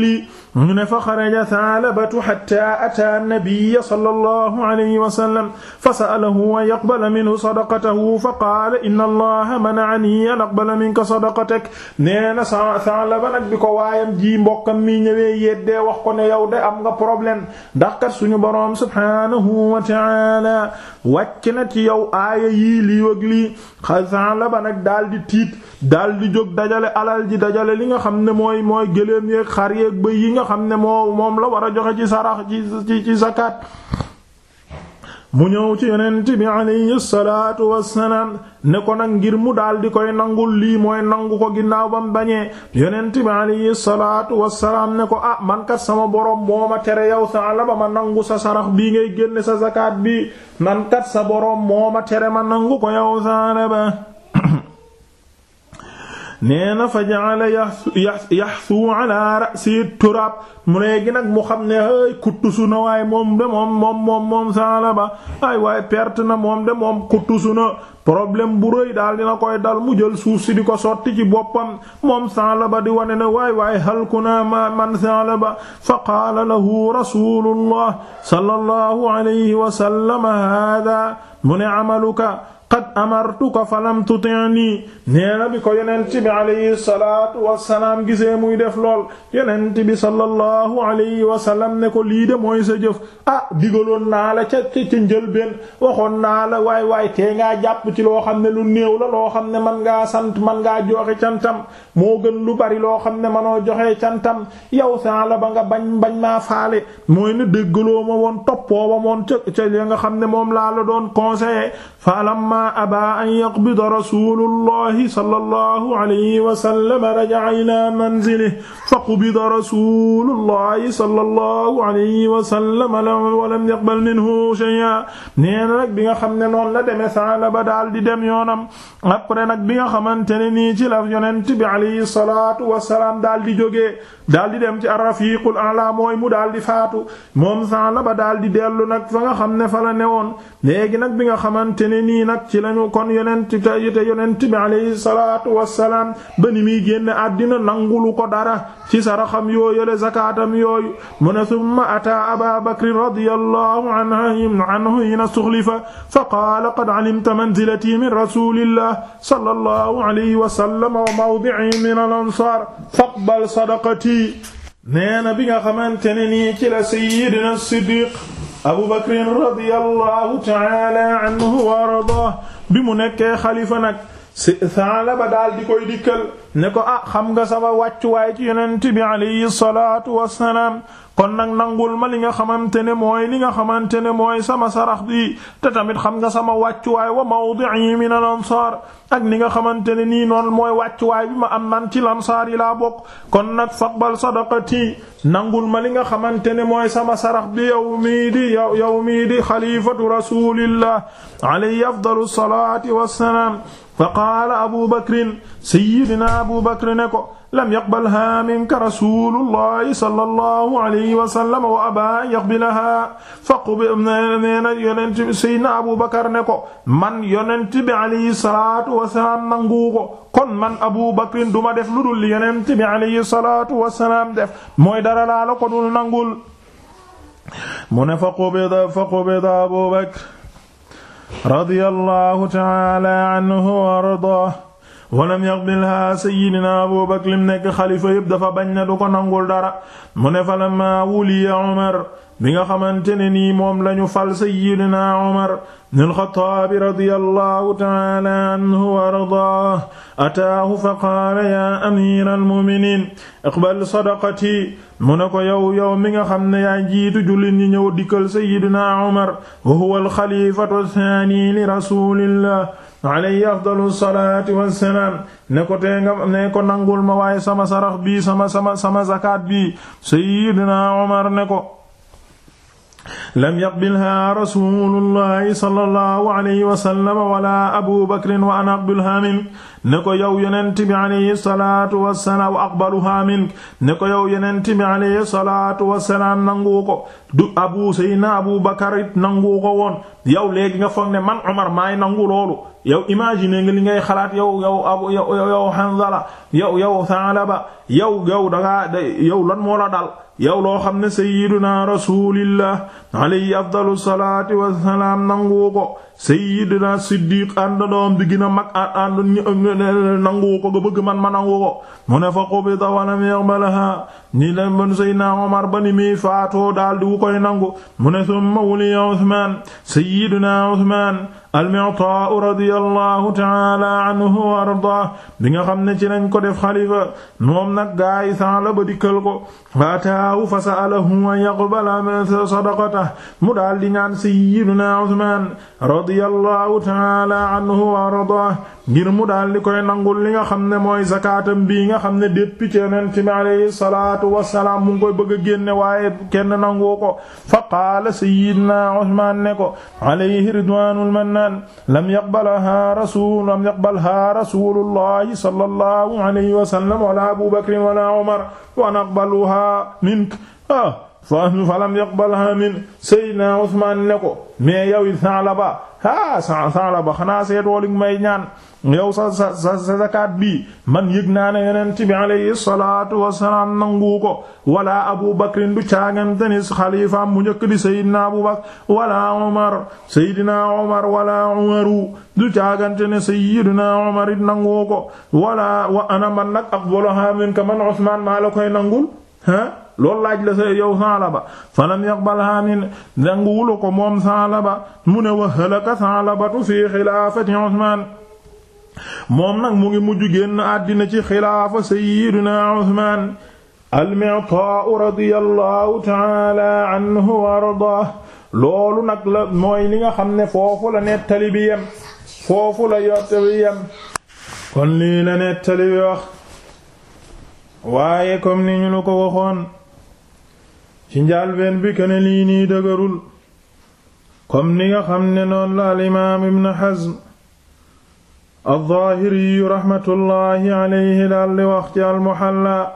ñu ne fa xaraja Saalabatu hatta ataa nabiyya sallallahu alayhi wa sallam fa sa'alahu an yaqbala minhu sadaqatahu fa qaala inna allaha mana'ani an aqbala minka sadaqatak nee na Saalaba nag bi ko waayam ji mbokkam mi ñëwee yeddee wax ko ne yow de am nga problème ndax kat suñu boroom subhaanahu wa ta'aala wàcc na ci yow aaya yii lii wëg lii Saalaba nag daal di tiit daal di jóg dajale alal ji dajale li nga xam ne mooy mooy gëléem yeeg xar yeeg bëy nga xam ne moom la war a joxe ci sarax ci ci zakat mu ñëw ci yonent bi alayhi salaatu wassalaam ne ko nag ngir mu dal di koy nangul lii mooy nangu ko ginnaaw bam bañee yonent bi alayhi salaatu wassalaam ne ko ah man kat sama boroom moo ma tere yow sa àllaba ma nangu sa sarax bii ngay génne sa zakat bi man kat sa boroom moo ma tere ma nangu ko yow sa ala nee na fa ja'ala yaxsu ala ra'si turaab mu léegi nag mu xam ne ay kuttusu na waaye moom de moom moom moom moom Saalaba ay waaye perte na moom de moom kuttusu na problème bu rëy daal dina koy dal mu jël suuf si di ko sotti ci boppam moom Saalaba di wane ne waay waay halkuna ma man Saalaba fa qaala lahu rasuulullah sallallahu alayhi wa sallam haadaa mu ne amaluka qad amartuka falam tuti'ni nee na bi ko yonent bi alayhi salaatu wassalaam gisee muy def lool yonent bi sallallahu alayhi wasallam ne ko lii de mooy sa jëf ah digaloon naa la ca ca ca njëlbeen waxoon naa la waay waay tee ngaa jàpp ci loo xam ne lu néew la loo xam ne man ngaa sant man ngaa joxe cantam moo gën lu bari loo xam ne manoo joxe cantam yow saa la ba nga bañ bañ maa faale mooy ne déggaloo ma woon toppoo ma woon ca nga xam ne moom laa la doon conseiller falammaa abaa an yaqbida rasuulullahi sallallahu alayhi wa sallam raja'a ilaa manzilihi faqubida rasuulullahi sallallahu alayhi wa sallam wa lam yaqbal minhu shay'an nee na nag bi nga xam ne noonu la demee saala ba daal di dem yoonam après nag bi nga xamante ne nii ci la yonent bi alayhi salaatu wa salaam daal di jógee daal di dem ci ar-rafiiqul a'laa mooy mu daal di faatu moom saala ba daal di dellu nag fa nga xam ne fa la newoon léegi nag bi nga xamante ne nii nag ci lañu kon yonent te te yonent bi alayhi salaatu wassalaam ba ni muy génn àddina nangulu ko dara ci saraxam yooyu le zakaatam yooyu mu ne summa ataa aba bakrin radiyallahu anhu hina suxlifa fa qaala qad alimta manzilatii min rasulillah sallallahu alayhi wa sallam wa mawdi'i min al-ansaar faqbal sadaqatii nee na bi nga xamante ne nii ci la sayyidina Siddiq abu bakrin radiyallahu taala anhu wa ardaa bi mu nekkee xalifa nag Saalaba daal di koy dikkal ne ko ah xam nga sama wàccuwaay ci yonent bi alayhi salaatu wassalaam kon nag nangul ma li nga xamante ne mooy li nga xamante ne mooy sama sarax bi te tamit xam nga sama wàccuwaay wa mawdi'i min al-ansar ak ni nga xamante ne nii noonu mooy wàccuwaay bi ma am man ci lansaar yi laa bokk kon nag faqbal sadaqati nangul ma li nga xamante ne mooy sama sarax bi yow mii di yow yow mii di xalifatu rasulillah alayhi afdalu salaati wassalaam fa qaala abu bakrin sayyidina abu bakr ne ko lam yaqbalha minka rasulullahi sallallahu alayhi wa sallam wa aba an yaqbilaha faqub nee na yonent bi saydna Abu Bakar ne ko man yonent bi alayhi salatu wasalaam nangu ko kon man Abu Bakr duma def lu dul li yonent bi alayhi salatu wasalaam def mooy dara laa la ko dul nangul mu ne faqubida faqubida Abu Bakr radiyallahu ta'ala anhu wa ardaahu walam yaqbilha sayyidina Abu Bakr lim nekk xalifa yëpp dafa bañ ne du ko nangul dara mu ne fa lamma wuliya Umar bi nga xamante ne nii moom lañu fal sayyidina Umar ibn al-Khattab radiyallahu ta'ala anhu wa ardaahu ataahu fa qaala ya amira al-mu'minin iqbal sadaqati mu ne ko yow yow mi nga xam ne yaa njiitu jullit ñi ñëw dikkal sayyidina Umar wa huwa al-khalifatu ath-thani li rasulillah alayhi afdalu salaati wassalaam ne ko tee nga ne ko nangul ma waaye sama sarax bii sama sama sama zakaat bii sayyidina Umar ne ko lam yaqbilha rasulullahi sallallahu wa sallam wala abu bakrin wa ana aqbilha mink ne ko yow yonent bi alayhi salaatu wassalaam wa aqbaluha mink ne ko yow yonent bi alayhi salaatu wassalaam nangu ko du abu sayna abu bakar it nangu ko woon yow léegi nga foog ne man Umar maay nangu loolu yow imagine nga li ngay xalaat yow yow abu yow yow Hanzala yow yow Saalaba yow yow dangaa yow lan moo la dal yow loo ne sayyiduna rasulillah alayhi afdalu salaati wassalaam nangu ko sayyidina siddiq àndandoom bi gën a mag ànd nangu ko nga bëgg man ma nangu ko mu ne fa qubida wa lam yaqbalha nii la mën Seydina Omar ba ni muy faatoo daal di koy nangu mu ne summa wuliya Usmaan Sayyidina Usmaan al-Mu'taa radiyallahu ta'ala anhu wa ardaa bi nga xam ne ci lañ ko def xalifa moom nag gaay san la ba dikkal ko faataahu fa sa'alahu an yaqbala sadaqatahu mu daal di ñaan Sayyidina Usmaan radiyallahu ta'ala anhu wa ardaa ngir mu daal di koy nangul li nga xam ne mooy zakaatam bii nga xam ne depuis ci yonent bi alayhi mu koy bëgg a génne waaye kenn nangu ko fa qaala sayyidna Usmaan ne ko alayhi ridwaanul mannaan lam yaqbalha rasuul lam yaqbalha rasuulullahi sallallahu alayhi wa sallam wala Abu Bakr wala Umar mink ah, falam yaqbalha ne ko mais yow Sa'laba ah Sa'laba xanaa seetoo li may ñaan yow sa sa sa zakat bi man yëg naa ne yonent bi alayhi salaatu wasalaam nangu ko wala Abu Bakrin du caagante ni xalifaam mu njëkk di Seydina Abu Bakr wala Omar Seydina Omar wala Omaru du caagante ne Seydina Omar it nangu ko wala wa ana man nag aqbaluha minka man Usmaan maa la koy nangul ah. loolu laaj la sa yow Saalaba falam yaqbalha min nanguwulu ko moom Saalaba mu ne wa halaka Saalabatu fi xilaafati Usmaan moom nag mu ngi mujj génn àddina ci xilaafa sayyidina Usmaan al-Mi'taa radiyallahu nag la mooy li nga xam ne foofu la nettali bi foofu la yotte bi kon lii la nettali bi wax waaye comme ni ñu la ko waxoon ci njàlbeen bi kene lii nii dëgërul comme ni nga xam ne noonu la al imaam Ibn Hazm alzaahiriyu raxmatullaahi aleyhi daldi wax ci almuxallaa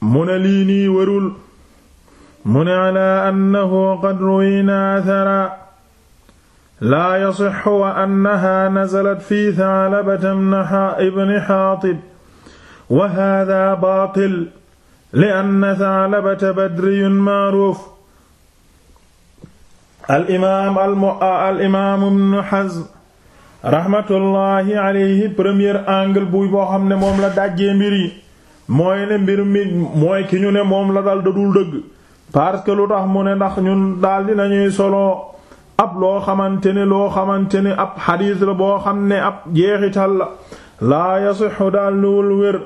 mu ne lii nii wërul mu ne alaa annahu qad ruwina athara laa yasixu wa annaha nazalat fi Thaalabata ibni Xaatib wa haadaa baatil li anna Thaalabata badriyun ma'ruuf al imaam al imaam ibnu Hazm rahmatullahi alayhi premier angle buy boo xam ne moom la dajjee mbir yi mooy ne mbir mi mooy ki ñu ne moom la dal dadul dëgg parce que lu tax mu ne ndax ñun daal dinañuy solo ab loo xamante ne loo xamante ne ab xadiis la boo xam ne ab jeexital la laa yasixu daal luwul wér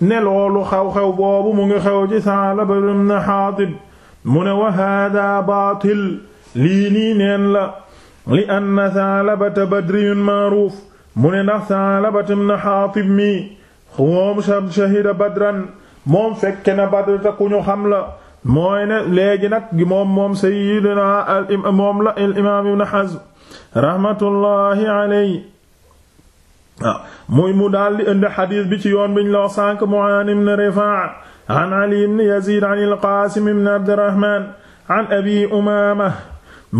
ne loolu xew-xew boobu mu ngi xew ci Saalaba ibn Xaatib mu ne wa hada baatil lii nii neen la li anna Saalabata badriyun maaruuf mu ne ndax Saalabata ibn Haatib mi moom shahida badran moom fekke na Badr te ku ñu xam la mooy ne léegi nag moom moom sayyidina al moom la al imaam ibn Hazm rahmatullahi alayhi waaw muy mu daal di indi xadiis bi ci yoon biñ la sànk mu an ibn Rifaa an Ali ibn Yaziid an al Qaasim ibn Abdirahmaan an Abi Umaama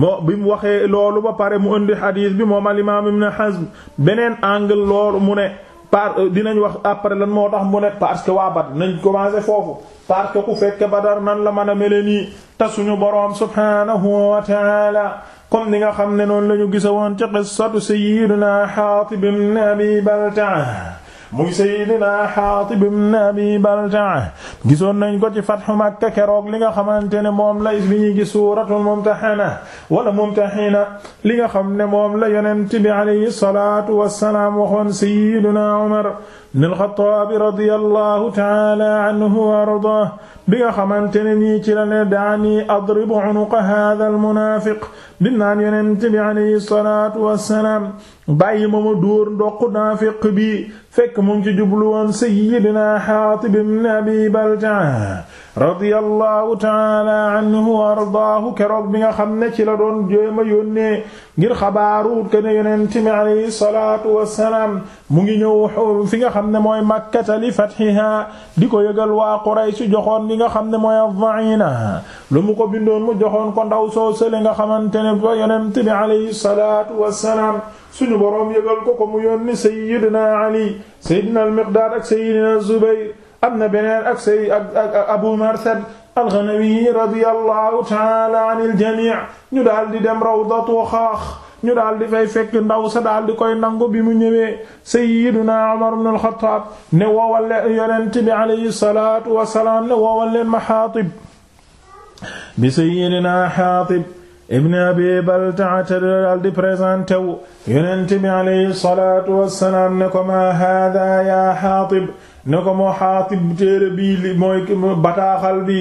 moo bi mu waxee loolu ba pare mu indi xadiis bi moom al imaam na Hazm beneen angle loolu mu ne par euh, dinañ wax après lan moo tax mu ne parce que waa Badr nañ commencé foofu parce que ku fekke Badar nan la mën a mel nii te suñu boroom subhaanahu wa taala comme ni nga xam ne noonu la ñu gisa woon ci qissatu sayyidina Haatib ibn Abi Balta'a muy Seydina Xaatib ibn Abi Baltaa gisoon nañ ko ci Fathu Makka keroog li nga xamante ne moom la bi ñuy gis suuratul Mumtahana wala Mumtahina li nga xam ne moom la yonent bi alayhi salaatu wassalaam waxoon Seydina Umar ibn al-Xattaab radiyallahu ta'ala anhu wa ardaahu bi nga xamante ne nii ci la ne daani adribu unuqa haadha al-munaafiq bi naan yonent bi alayhi salaatu wassalaam bàyyi ma ma dóor ndoq naafiq bi fekk mu ngi ci jublu woon sayyidina Xaatib ibn Abi Baltaa radiyallahu taala bi nga xam ne ci la doon jéema yónnee ngir xabaaru ke ne yonent mi alayhi salaatu mu ngi ñëw fi nga xam ne mooy makkata di ko yëgal waa Quraysh li nga xam ne mooy ad-da'ina lu mu ko bindoon mu joxoon ko ndaw soo sële nga xamante ne ba yonent bi alayhi Ali miqdaad ak sayyidina Zubayr am na beneen ak say ak Abu Marsad al-Ghanawi radiyallahu ta'ala anil jami' ñu daal di dem rawdatu xaax ñu daal di fay fekk ndaw sa daal di koy nangu bi mu ñëwee sayyiduna Umar ibn al-Khattab ne woowal leen yonent bi alayhi salaatu wa salaam ne woowal leen ma Haatib bi sayyidina Haatib ibn Abi Balta'a daal di présenté wu yonent bi alayhi salaatu wa salaam ne ko ma haadaa ya Haatib ne ko moo xaatib téere bii li mooy bataaxal bi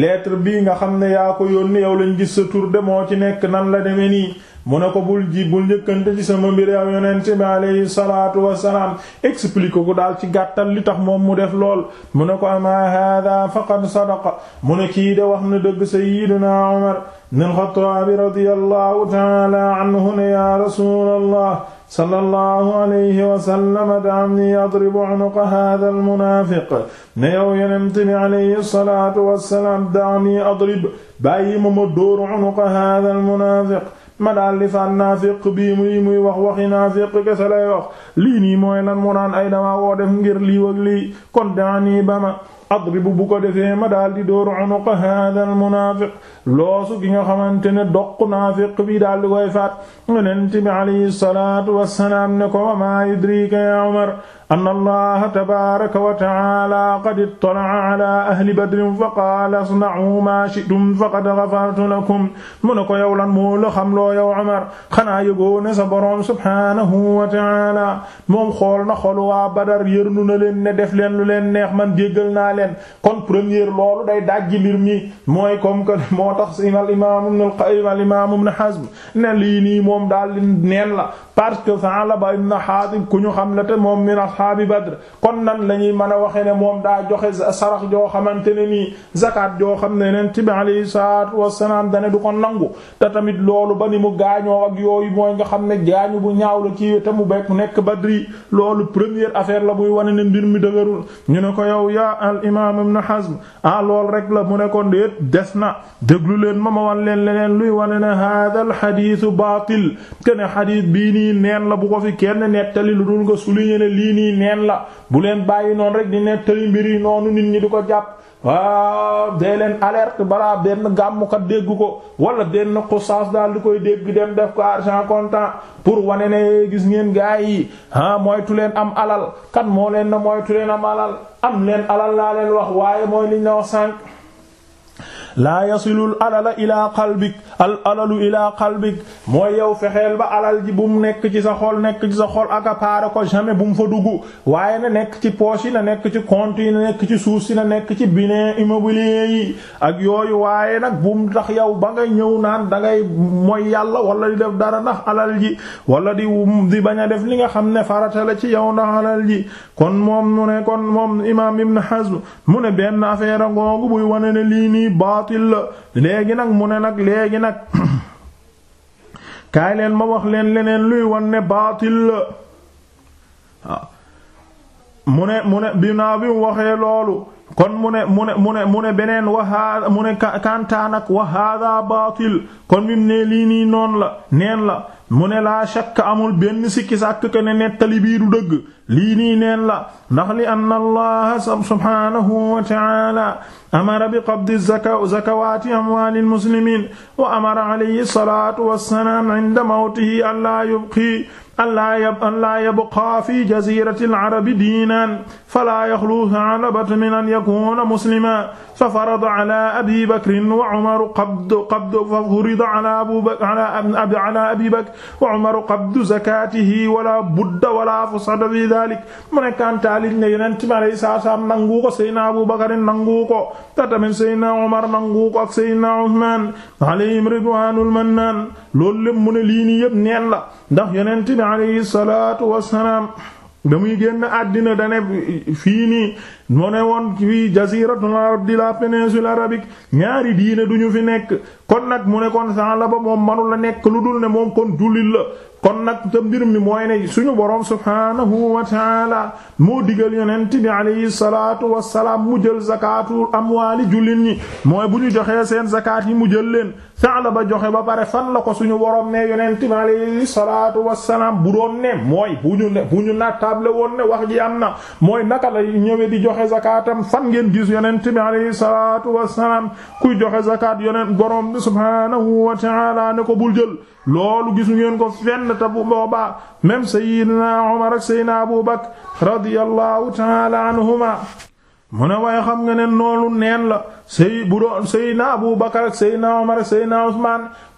lettre bii nga xam ne yaa ko yónni yow lañ gis sa tur demoo ci nekk nan la demee nii mu ne ko bul ji bul njëkkante ci sama mbir yow yonent bi alayhi salaatu wassalaam explique ko daal ci gàttal li tax moom mu def lool mu ne ko ama hada faqad sadaqa mu ne kii de wax na dëgg sayyidina Umar ibn al-Khattab radiyallahu ta'ala anhu ya rasulullah sallallahu alayhi wa sallam da'ni adribu unuqa haadha al-munaafiq ne yow yonent bi alayhi salaatu wa salaam da'ni adrib bàyyi ma ma dóor unuqa haadha al-munaafiq ma daal di faan naafiq bii muy muy wax waxi naafiq kese lay wax lii nii mooy lan mu naan ay dama woo def ngir lii wag lii kon da'ni ba ma adribu bu ko defee ma daal di dóor unuqa hada al munaafiq loosu gi nga xamante ne doq naafiq bi daal di koy faat yonent bi alayhi salaatu wassalaam ne ko wa maa yudriika ya Umar anna allaha tabaaraka wa ta'aala qad ittala'a ala ahli badrin fa qaala isna'uu maa shi'tum faqad ghafartu lakum mu ne ko yow lan moo la xam loo yow Umar xanaa yëgoona sa boroom subhaanahu wa ta'aala moom xool na xolu waa Badar yërnu na leen ne def leen lu leen neex man jéggal naa leen kon première loolu day dajji mbir mi mooy comme que moo tax imal imaam Ibn al-Qayyim al-imaam Ibn Hazm ne lii nii moom daal neen la parce que Sa'laba ibn Haatib ku ñu xam la te moom ashaabi badr kon nan la ñuy mën a waxe ne moom daa joxe sarax joo xamante ne nii zakat joo xam ne neen tibi alayhi salaatu wassalaam dane du ko nangu te tamit loolu ba ni mu gaañoo ak yooyu mooy nga xam ne gaañu bu ñaaw la ci te mu bekk nekk badri loolu première affaire la buy wane ne mbir mi dëgërul ñu ne ko yow yaa al imaam ibn hazm ah loolu rek la mu ne ko déet des na déglu leen ma ma wan leen leneen luy wane ne hada al hadithu baatil kene ne lii ñii neen la bu leen bàyyi noonu rek di nettali mbir yi noonu nit ñi di ko jàpp waaw dee leen alerte balaa benn gàmmukat dégg ko wala benn xusaas daal di koy dégg dem def ko argent comptant pour wane ne eh, gis ngeen gaay yi ah moytu leen am alal kan moo leen na moytu leen am alal am leen alal laa leen wax waaye mooy liñ la wax sànq. laa yasilul alala ilaa qalbik al alalu ilaa qalbik mooy yow fexeel ba alal ji bu mu nekk ci sa xol nekk ci sa xol accaparer ko jamais bu mu fa dugg waaye na nekk ci poche yi na nekk ci compte yi na nekk ci suuf si na nekk ci bien immobilier yi ak yooyu waaye nag bu mu tax yow ba nga ñëw naan da mooy yàlla wala di def dara ndax alal ji wala di di bañ a def li nga xam ne farata la ci yow ndax alal ji kon moom kon moom imaam Ibn Hazm mu ne benn affaire ngoogu buy wane ne lii baatil la léegi nag mu ne nag léegi nag kaay ma wax leen leneen luy wan ne baatil la mu ne mu ne binaa bi waxee loolu kon mu ne mu ne mu ne mu ne beneen wahaa mu ne kantaan wa hada baatil kon bi mu ne lii nii noonu la neen la mu ne laa shakk amul benn sikki sàkk ko ne nettali bii du dëgg lii nii neen la ndax li anna allaha subhaanahu wa ta'ala amara bi qabdi zakawaati amwaalil muslimiin wa amara alayhi salaatu wassalaam inda mawtihi allaa yubqi an laa yabqa fi jazirati al-arabi diinan falaa yaxluha alabat min an yakuna muslima fa farada ala abi bakrin wa umaru qabdu qabdu fa farida ala abi bakr wa umaru qabdu zakatihi wala budda wala fusada fi dalik mu nekkantaali ne yonent bi alayhi salaam nangu ko Seydina Abu Bakr nangu ko te tamit Seydina Umar nangu ko ak Seydina Usmaan alayhim ridwaanul mannaan loolu lépp mu ne lii nii yëpp neen la ndax yeneen bi alayhi salaatu wassalaam da muy génn àddina dane fii nii mu ne woon fii jaziratul arab di la péninsule arabique ñaari diine duñu fi nekk kon nag mu ne kon ba moom manu la nekk lu dul ne moom kon jullit la kon nag te mbir mi mooy ne suñu boroom subhaanahu wa taala moo digal yeneen bi alayhi salaatu wassalaam mu jël zakaatul amwaali jullit ñi mooy bu ñu joxee seen zakaat yi mu jël leen ba joxe ba pare fan la ko suñu borom ne yonent mi alayhi salaatu wassalaam bu doon ne mooy bu ñu ne bu ñu nattable woon ne wax ji na mooy naka la ñëwee di joxe zakaatam fan ngeen gis yonent mi alayhi salaatu wassalaam kuy joxe zakaat yonent borom bi subhaanahu wa ne ko bul jël loolu gisu ngeen ko fenn te bu boobaa même Sayyidina Umar ak Sayyidina Abu Bakr radiyallahu ta'aala anhuma mu ne waaye xam nga ne noonu neen la sëy bu doon sëy na Abu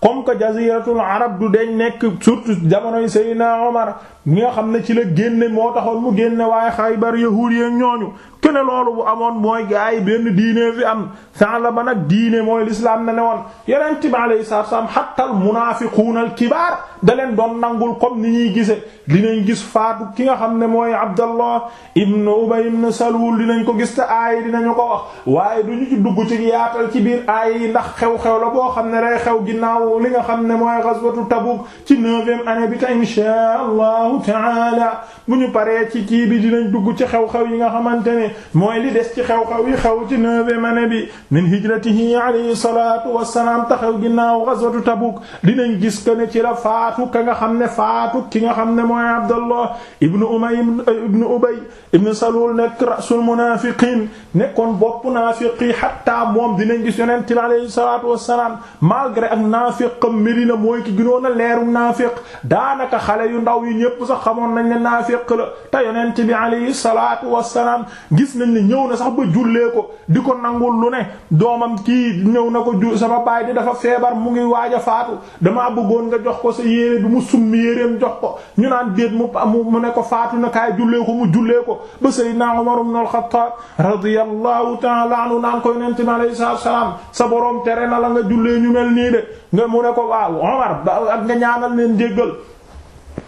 comme que jaziratul arab du deñ nekk surtout jamonoy Seydina Omar mi nga xam ne ci la génne moo taxoon mu génne waaye Xaybar yahuud yi ñooñu kene loolu bu amoon mooy gaa yi benn diine fi am san la ba nag diine mooy lislaam na ne woon yeneen bi alayhi salaatu salaam xattal munaafiquunal kibaar da leen doon nangul comme ni ñuy gise dinañ gis faatu ki nga xam ne mooy Abdallah ibn Ubay ibn Salul dinañ ko gis te aay dinañu ko wax waaye du ci dugg ci ci biir aay yi ndax xew-xew la boo xam ne xew ginnaaw ginnaaw li nga xam ne mooy ghazwatu Tabuk ci neuvième année bi ta insha Allahu ta'ala bu ñu paree ci kii bi dinañ dugg ci xew-xew yi nga xamante ne mooy li des ci xew-xew yi xew ci neuvième année bi min hijratihi alayhi salatu wasalaam taxaw ginnaaw ghazwatu Tabuk dinañ gis que ne ci la faatu ka nga xam ne faatu ki nga xam ne mooy Abdallah ibnu Umay ibnu Ubay ibnu Salul nekk rasul munafiqin nekkoon bopp naafiqi hatta moom dinañ ci yonent bi alayhi salatu wasalaam malgré ak naafiqam Medina mooy ki gënoon a leeru naafiq daanaka xale yu ndaw yi ñépp sax xamoon nañ ne naafiq naafiq la te yonent bi alayhi salaatu wassalaam gis nañ ne ñëw na sax ba jullee ko di ko nangul lu ne doomam kii ñëw na ko ju sama baay di dafa feebar mu ngi waaj a faatu damaa bëggoon nga jox ko sa yére bi mu summi yéreem jox ko ñu naan déet mu mu ne ko faatu na kaay jullee ko mu jullee ko ba Seydina Umar ibn al-Khattab radiyallahu ta'ala anhu naan ko yonent bi alayhi salaatu wassalaam sa boroom tere na la nga jullee ñu mel nii de nga mu ne ko waaw Umar nga ñaanal leen jéggal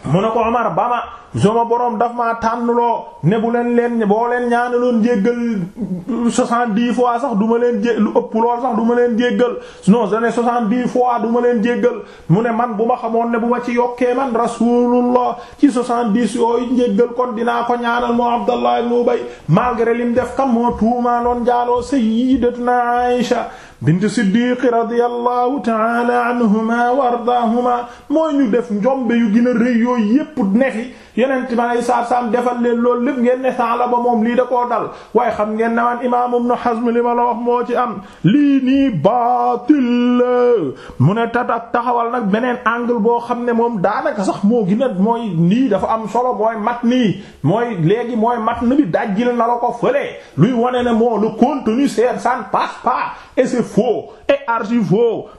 mu ne ko Omar ba ma borom daf ma tànnloo ne bu leen leen boo leen ñaanaloon jéggal soixante-dix fois sax du ma leen jé lu ëpp sax du ma leen jéggal non je ne soixante-dix fois duma leen jéggal mu ne man bu ma xamoon ne bu ma ci yokkee man rasulullah ci soixante-dix yooyu njéggal kon dinaa ko ñaanal moo Abdallah ibn bay malgré lim def kam moo tuumaaloon jaaloo sayyidatuna Aisha bint siddiq radiyallahu taala anhuma wa ardaahuma mooy ñu def njombe yu gën a rëy yooyu yépp nefi yonent bi alayhi salaatu salaam defal leen lool lépp ngeen ne Saalaba moom lii da koo dal waaye xam ngeen ne man imaam Ibn Hazm li ma la wax moo ci am lii nii baatil la mu ne tatak taxawal nag beneen angle boo xam ne moom daanaka sax moo gën a mooy nii dafa am solo mooy mat nii mooy léegi mooy mat na bi dajjil na la ko fële luy wane ne moo le contenu c'est ça ne passe pas et c'est faux et archi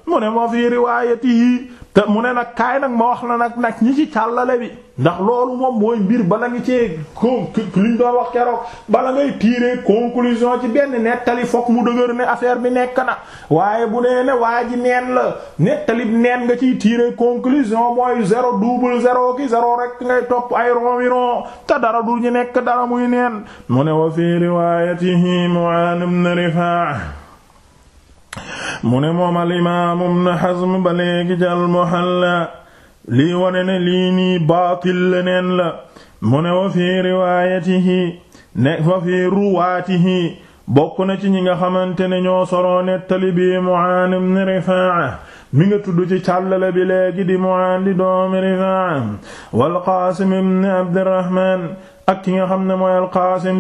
mu ne moo fi riwaayati te mu ne nag kaay nag ma wax la nag nag ñi ci càllale bi ndax lool moom mooy mbir bala nga cee ko liñ doon wax keroog bala ngay tiire conclusion ci benn nettali fokk mu dëgër ne affaire bi nekk na waaye bu nee ne waa ji neen la nettali nen nga ciy tiire conclusion mooy zéro double zéro ki zéro rek ngay topp ay romiron te dara du ñu nekk dara muy neen mu ne wa fi riwayatihi Mu'an ibn Rifaa mu ne moom al imaam ibn Hazm ba léegi ci al wane ne lii nii baatil leneen la mu ne wa fi riwaayatihi ne wa fi ruwaatihi bokk na ci ñi nga xamante ne ñoo soroo nettali bi Mu'aan ibn Rifaa'a mi nga tudd ci càllale bi léegi di Mu'aan di doomi Rifaa'a wal Qaasim ibn Abdirahmaan ak ki nga xam ne mooy al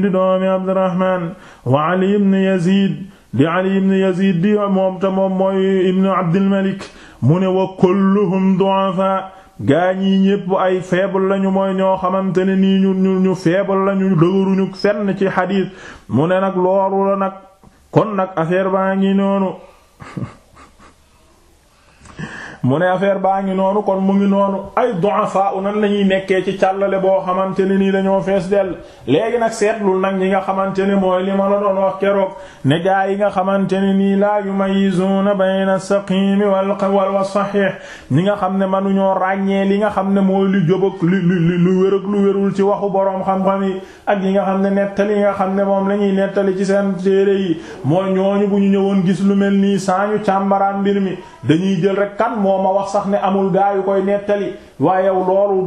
di doomi Abdirahmaan wa Ali ibn Yaziid di Ali ibn Yazid di moom te mooy ibn Abdul Malik mu ne wa kulluhum du'afa gaa ñii ñépp ay faible lañu mooy ñoo xamante ne nii ñu ñu ñu faible lañu dëgëruñu fenn ci xadiis mu ne nag loolu la nag kon nag affaire baa ngi noonu mu ne affaire baa ngi noonu kon mu ngi noonu ay du'afa u nan la ñuy nekkee ci càllale boo xamante ne nii dañoo fees dell léegi nag seetlu nag ñi nga xamante ni mooy li ma la doon wax keroog ne gaa yi nga xamante ne nii laa yumayyizuuna bayna as-saqimi wal wal sahih ñi nga xam ne manuñoo ràññee li nga xam ne mooy lu jub ak lu lu lu lu wérul ci waxu boroom xam-xam yi ak yi nga xam ne nettali yi nga xam ne moom la ñuy nettali ci seen téere yi mooy ñooñu bu ñu ñëwoon gis lu mel nii saa ñu càmbaraan mbir mi dañuy jël rek moo ma wax sax ne amul gaa yu koy nettali waaye yow loolu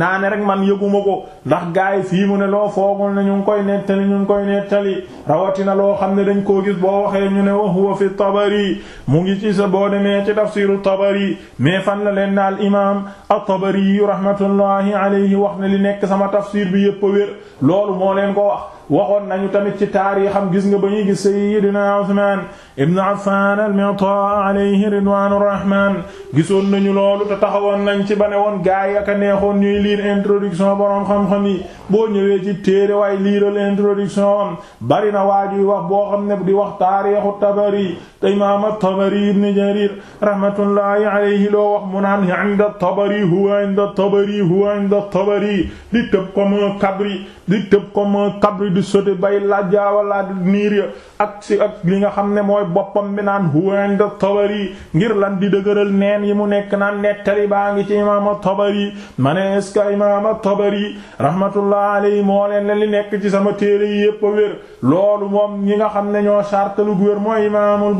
naa ne rek man yëguma ko ndax gaa yi fii mu ne loo foogul ne ñu koy nettali ñu ngi koy nettali rawatina loo xam ne dañ koo gis boo waxee ñu ne wa huwa fi tabari mu ngi ci sa boo demee ci tafsiru tabari mais fan la leen daal imaam at-tabari rahmatullahi alayhi wax ne li nekk sama tafsir bi yëpp a wér loolu moo leen ko wax waxoon nañu tamit ci taarixam gis nga ba ñuy gis sayyidina Usmaan ibn a al a alayhi ridwaanu rahmaan gisoon nañu loolu te taxawoon nañ ci ba ne woon gaay ak a neexoon ñuy liir introduction boroom xam-xam yi boo ñëwee ci i waay liiral introduction am bari na waajuy wax boo xam ne di wax taarixu Tabari te imaam at-Tabari ibn Jariir rahmatullahi alayhi loo wax mu naan inda Tabari huwa inda Tabari huwa inda Tabari di tëb comme un cabri di tëb comme di sote bay lajjaawalaa di niir ya ak si ak li nga xam ne mooy boppam bi naan huwa inda Tabari ngir lan di dëgëral neen yi mu nekk naan nettali baa ngi ci imaama Tabari ma ne est-ce que imaama Tabari rahmatullah moo leen ne li nekk ci sama téere yi yépp a wér loolu moom ñi nga xam ne ñoo sartalu gu wér mooy imaamul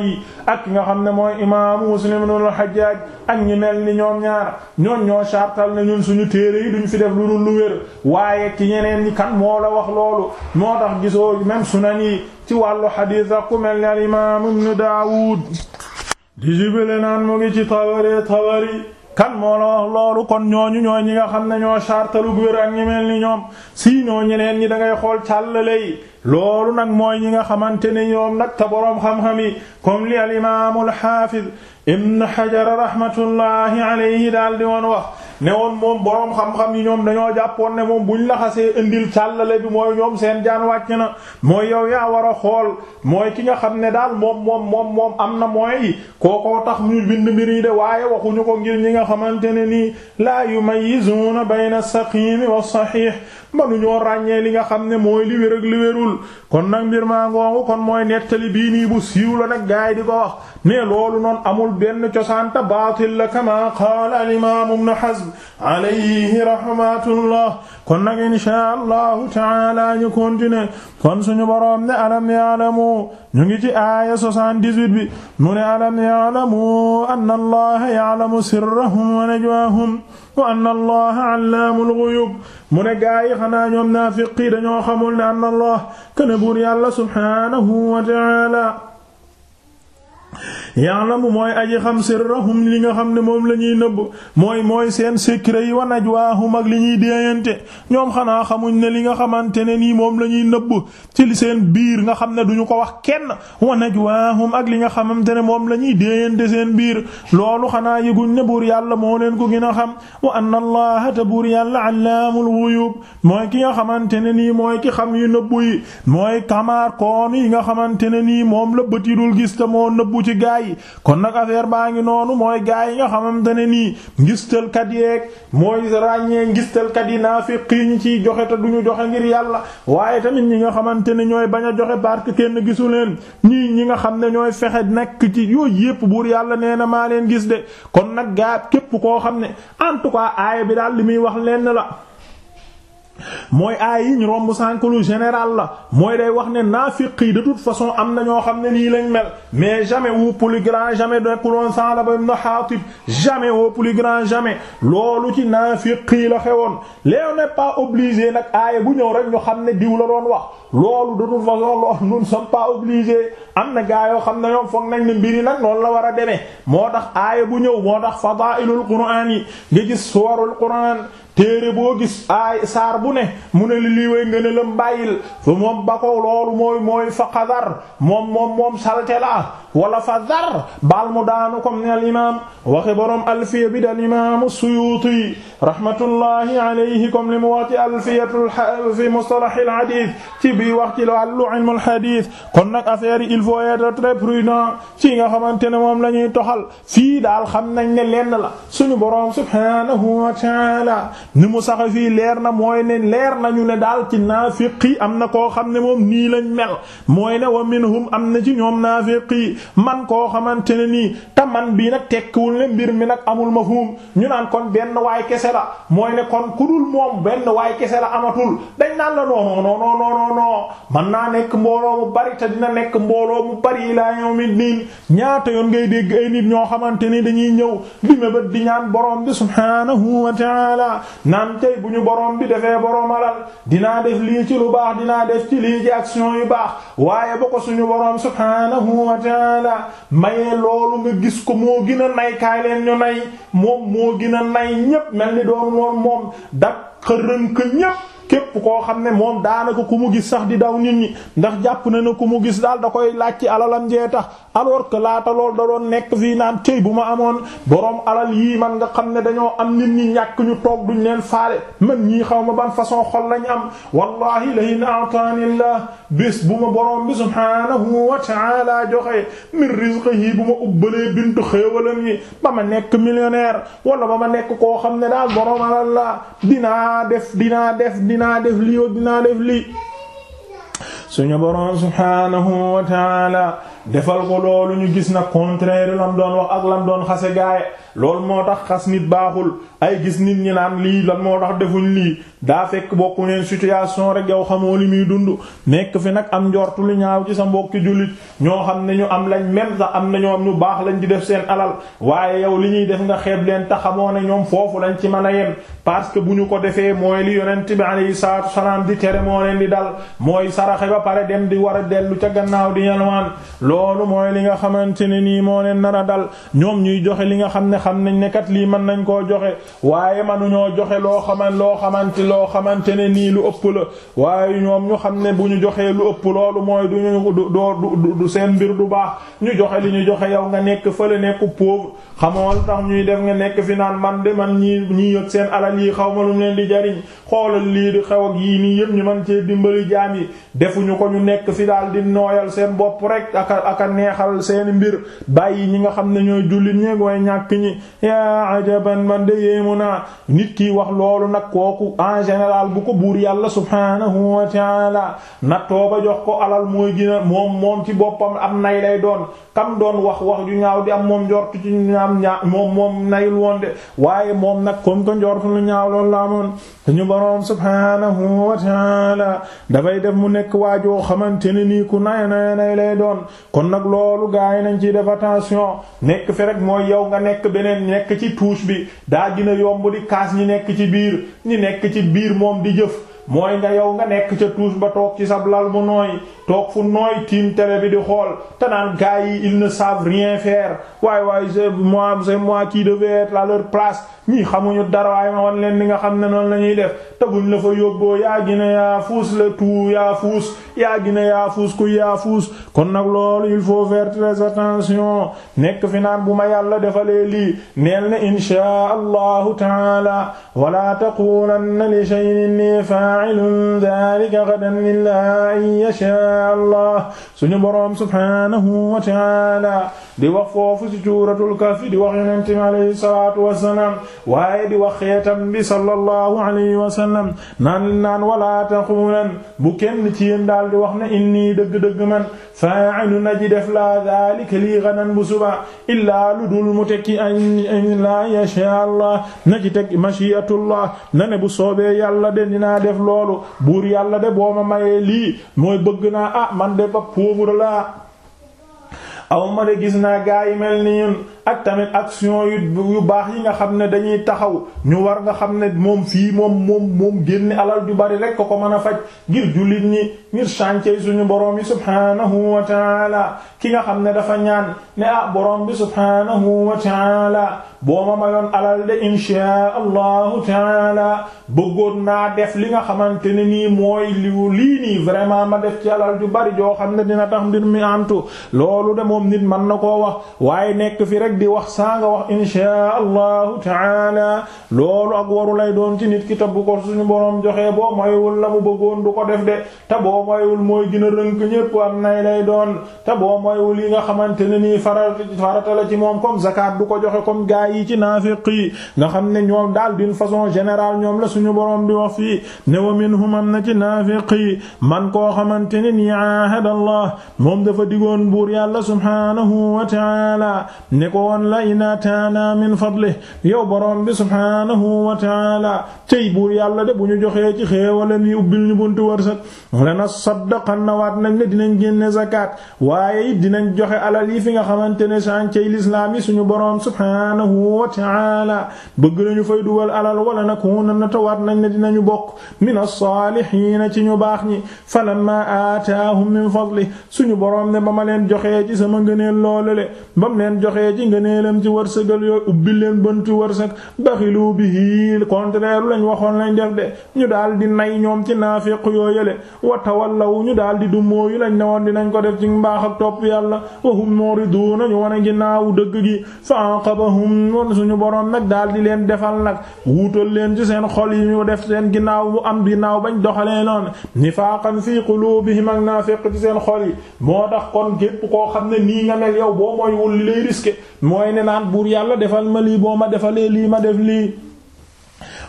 yi ak nga xam ne mooy imaamu Muslim ibnul Hajjaaj ak ñi mel ni ñoom ñaar ñoon ñoo sartal ne ñun suñu téere yi duñ fi def lu dul lu wér loolu moo tax gisoo même sunan yi ci wàllu mel ni al imaam ibnu Daawuud di jibile naan mu ngi ci tabari tabari kan moo la wax kon ñooñu ñooy nga xam ne ñoo chartalu gwér ak ñi mel ni ñoom sinon ñeneen ñi da ngay xool càllale yi loolu nag mooy ñi nga xamante ne ñoom nag te boroom xam-xam yi comme li al imaamul xaafid ibn Hajar rahmatullahi daal di woon wax ne woon moom boroom xam-xam yi ñoom dañoo jàppoon ne moom buñ la xasee indil càllale bi mooy ñoom seen jaan wàcc na mooy yow yaa war a xool mooy ki nga xam ne daal moom moom moom am na mooy kookoo tax ñu bind mbir yi de waaye waxuñu ko ngir ñi nga xamante ne nii laa yumayyizuuna bayna saqiimi wa saxiix manuñoo ràññee li nga xam ne mooy li wér ak li wérul kon nag mbir maa ngoongu kon mooy nettali bii nii bu siiw la nag gaay di ko wax ne loolu noonu amul benn cosaan ta baatil la kama qaala alayhi rahmatullah kon nag insha allahu taala ñu continuer kon suñu boroom ne alam ya'lamu ñu ngi ci aaya 78 bi mu ne alam ya'lamu anna allaha ya'lamu sirrahum wa najwaahum wa anna allaha allaamul ghuyub mu ne gaa yi xanaa ñoom naafiqi dañoo xamul ne anna allah kana buur yàlla subhanahu wa taala ya'lamu mooy aji xam sirrahum li nga xam ne moom la ñuy nëbb mooy mooy seen secret yi wa najwaahum ak li ñuy déeyante ñoom xanaa xamuñ ne li nga xamante ne nii moom la ñuy nëbb ci seen biir nga xam ne duñu ko wax kenn wa najwaahum ak li nga xamante ne moom la ñuy déeyante seen biir loolu xanaa yëguñ ne buur yàlla moo leen ko gën xam wa anna allaha te buur yàlla allaamul ghuyub mooy ki nga xamante ne nii mooy ki xam yu nëbb yi mooy kamaar koon yi nga xamante ne nii moom la bët yi gis te moo nëbb ci gaay yi kon nag affaire baa ngi noonu mooy gaa yi nga xamante ne nii ngistalkat yeeg mooy ràññee ngistalkat yi naafiq yi ñu ciy joxe te duñu joxe ngir yàlla waaye tamit ñi nga xamante ne ñooy bañ a joxe parce kenn gisu leen ñii ñi nga xam ne ñooy fexe nekk ci yooyu yépp buur yàlla nee na maa leen gis de kon nag gaa képp koo xam ne en tout aaya bi daal li muy wax lenn la mooy aay yi ñu romb sànk lu général la mooy day wax ne naafiq yi de toute façon am na ñoo xam ne nii lañ mel mais jamais au plus grand jamais nekkuloon Saalaba ibn Haatib jamais au plus grand jamais loolu ci naafiq la xewoon léegi n'est pas obligé nag aaya bu ñëw rek ñu xam ne diw la doon wax loolu de toute façon loolu nous ne pas obligés am na gaa yoo xam ne ñoom foog nañ ne mbir yi nag la war a demee moo tax aaya bu ñëw moo tax fadaa'ilul qur'aan yi nga gis suwarul téere boo gis aay saar bu ne mu ne li lii way ngën a lam bàyyil fa moom ba ko loolu mooy mooy fa xadar moom moom moom salte la wala fa dar baal mu daanu comme ni al imam waxe boroom alfiya bi dal imam suyuti rahmatullahi alayhi comme li mu wax ci alfiyatu fi mustalah al hadith ci bii wax ci wàllu ilmul hadith kon nag affaire il faut être très prudent ci nga xamante ne moom la ñuy toxal fii daal xam nañ ne lenn la suñu boroom subhanahu wa ta'ala ni mu saxe fii leer na mooy ne leer nañu ne daal ci naafiqi am na koo xam ne moom nii lañ mel mooy ne wa minhum am na ci ñoom naafiqi man koo xamante ne nii man bii nag tekkiwul ne mbir mi nag amul mafhum ñu naan kon benn waay kese la mooy ne kon ku moom benn waay kese la amatul dañ naan na non non non non man naa nekk mbooloo mu bari te dina nekk mbooloo mu bari ilaa yawmi diin ñaata yoon ngay dégg ay nit ñoo xamante ni dañuy ñëw di mébét di ñaan borom bi subhaanahu wa ta'ala naan tey bu ñu borom bi defee borom alal dinaa def lii ci lu baax dinaa def ci action yu baax waaye ba ko suñu borom subhaanahu gis ko moo gën a nay kaay leen ñu nay moom moo gën a nay ñépp mel ni doon woon moom dak xërën ko ñépp képp koo xam ne moom daanaka ku mu gis sax di daw nit ñi ndax jàpp na na ku mu gis daal da koy laaj ci alalam jee tax alors que laata lool da nekk fii naan tey bu ma amoon boroom alal yii man nga xam ne dañoo am nit ñi ñàkk ñu toog duñ leen faale man ñii xaw ma ban façon xol lañ am wallahi la in a'tani bis bu ma borom bi subhanahu wa ta'ala joxe min yii bu ma ubbalee bintu xéewalam yi ba ma nekk millionaire wala ba ma nekk koo xam ne daal borom la dinaa def dinaa def dinaa def lii dinaa def lii suñu boroom subhaanahu wa ta'ala defal ko loolu ñu gis na contraire lam doon wax ak lan doon xase gaaye lool moo tax xas nit baaxul ay gis nit ñi naan lii lan moo tax defuñu lii daa fekk bokku neen situation rek yow xamoo li muy dund nekk fi nag am njortu lu ñaaw ci sa mbokki jullit ñoo xam ne ñu am lañ même sax am na ñoom ñu baax lañ di def seen alal waaye yow li ñuy def nga xeeb leen te xamoo ne ñoom foofu lañ ci man a yem parce que bu ñu ko defee mooy li yonent bi alayhi salaatu wasalaam di moo leen di dal mooy saraxe ba pare dem di war dellu ca gannaaw di yalwaan loolu mooy li nga xamante ne nii moo leen nar a dal ñoom ñuy joxe li nga xam ne xam nañ ne kat lii mën nañ koo joxe waaye ñoo joxe loo xaman loo xamante loo xamante ne nii lu ëpp la waaye ñoom ñu xam ne bu ñu joxee lu ëpp loolu mooy du ñu du doo du seen mbir du baax ñu joxe li ñu joxe yow nga nekk fële nekk pauvre xamoo tax ñuy def nga nekk fi naan man de man ñii ñii yëg seen alal yi xaw ma lu leen di jariñ xoolal lii di xew ak yii nii yëpp ñu mën cee dimbali jaam yi defuñu ak a neexal seeni mbir bàyyi ñi nga xam ne ñooy jullit ñeeg way ñàkk ñi yaa ajaban man de yéemu a nit kii wax loolu nag kooku en général bu ko buur yàlla subhanahu wa taala nattoo ba jox ko alal mooy gina moom moom ci boppam am nay lay doon kam doon wax wax ju ñaaw di am moom njortu ci ñaam ñaa moom moom nayul woon de waaye moom nag koom que njortu lu ñaaw loolu la amoon suñu boroom subhanahu wa ta'ala dafay def mu nekk waajoo xamante ne nii ku nay nay nay lay doon kon nag loolu gaa yi nañ ci def attention nekk fi rek mooy yow nga nekk beneen nekk ci tuus bi daa gën a yomb di kaas ñi nekk ci biir ñi nekk ci biir moom di jëf mooy nga yow nga nekk ca tuus ba toog ci sa lal mu nooy toog fu nooy tiim télé bi di xool te naan gars yi ils ne savent rien faire waaye waaye c'est moi c'est moi qui devais être à leur place ñii xamuñu dara waaye ma wan leen li nga xam ne noonu la ñuy def te buñ la fa yóbboo yaa gina yaa fuus le tout yaa fuus yaa gina yaa fuus ku yaa fuus kon nag lool il faut faire très attention nekk fi naan bu ma yàlla defalee lii neel na inshaa allahu taala wala taqulanna li shay'in faa'ilun dhaalika ghadan illaa in yashaa Allah suñu boroom subhaanahu wa ta'aala di wax foofu ci suuratul kahf di wax yonent bi alayhi salaatu wassalaam waaye di wax xeetam bi sallallahu alayhi wasallam naan naan walaa taqulan bu kenn ci yéen daal di wax na innii dëgg-dëgg man fa'ilu naji def laa daalika lii ganan bu suba illaa lu dul mu tekki an laa yashaa allah naji teg mashiatullah na ne bu soobee yàlla de na def loolu buur yàlla de boo ma mayee lii mooy bëgg naa ah man de ba pauvre laa aw ma de gis naa gaa yi mel ni ñun ak tamit action yu baax yi nga xam ne dañuy taxaw ñu war nga xam ne moom fii moom moom moom génne alal ju bari rek ko ko mën a faj ngir jullit ñi ngir chantier suñu borom yi subhanahu wa taala ki nga xam ne dafa ñaan ne ah borom bi subhanahu wa taala boo ma mayoon alal de inshaa allahu taala bëggoon naa def li nga xamante ne ni mooy liu lii nii vraiment ma def ci alal ju bari joo xam ne dina tax mbir mi antu loolu de moom nit mën na koo wax nekk fi rek rek di wax saa nga wax inshaa allahu taala loolu ak waru doon ci nit ki te bu ko suñu borom joxee boo moywul la mu bëggoon du ko def de te boo moywul mooy gën a rënk ñépp am nay lay doon te boo moywul yi nga xamante ne nii farata la ci moom comme zakat du ko joxe comme gaa yi ci naafiq yi nga xam ne ñoom daal d'une façon générale ñoom la suñu borom di wax fii ne wa minhum am na ci naafiq yi man koo xamante ne nii ahadallah moom dafa digoon buur yàlla subhaanahu wa woon la in ataana min fadlih yow boroom bi subhaanahu wa taala tey buur yàlla de bu ñu joxee ci xéewalam yi ubbil ñu buntu wërsëg la na saddaqanna waat nañ ne dinañ génne zakat waaye it dinañ joxe alal yi fi nga xamante ne sàncey lislaam yi suñu boroom subhaanahu wa taala bëgg nañu fay dugal alal wala nakunanna te waat nañ ne dinañu bokk min as-saalihiina ci ñu baax ñi falamma aataahum min fadlih suñu boroom ne ba ma leen joxee ci sama ngëneel loolale bam ngëneelam ci wërsëgal yooyu ubbi leen bëntu wërsëg bi bihi contraire lañ waxoon lañ def de ñu daal di nay ñoom ci naafiq yoo yële wa tawallaw ñu daal di du mooyu lañ ne woon dinañ ko def ci mbaax ak topp yàlla wahum muriduna ñu wane ginnaawu dëgg gi fa anqabahum won suñu boroom nag daal di leen defal nag wuutal leen ci seen xol yi ñu def seen ginnaaw bu am ginnaaw bañ doxalee noonu nifaaqan fii quluubihim ak naafiq ci seen xol yi moo tax kon képp koo xam ne nii nga mel yow boo mooy wul li mooy ne naan buur yàlla defal ma lii boo ma defalee lii ma def lii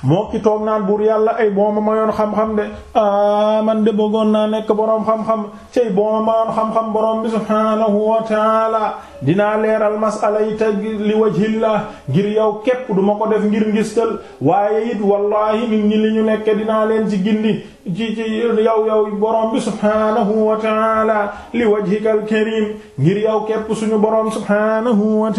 moo ki toog naan buur yàlla ay boo ma mayoon xam-xam de a ah, man de bëggoon naa nekk boroom xam-xam cay boo ma mayoon xam-xam boroom bi subhaanahu wa taala dinaa leeral masala yi te li yow képp du ko def ngir ngistal waaye it wallahi nit nekke dinaa leen ci gindi ci yow yow boroom bi subhaanahu wa taala li yow képp suñu boroom subhaanahu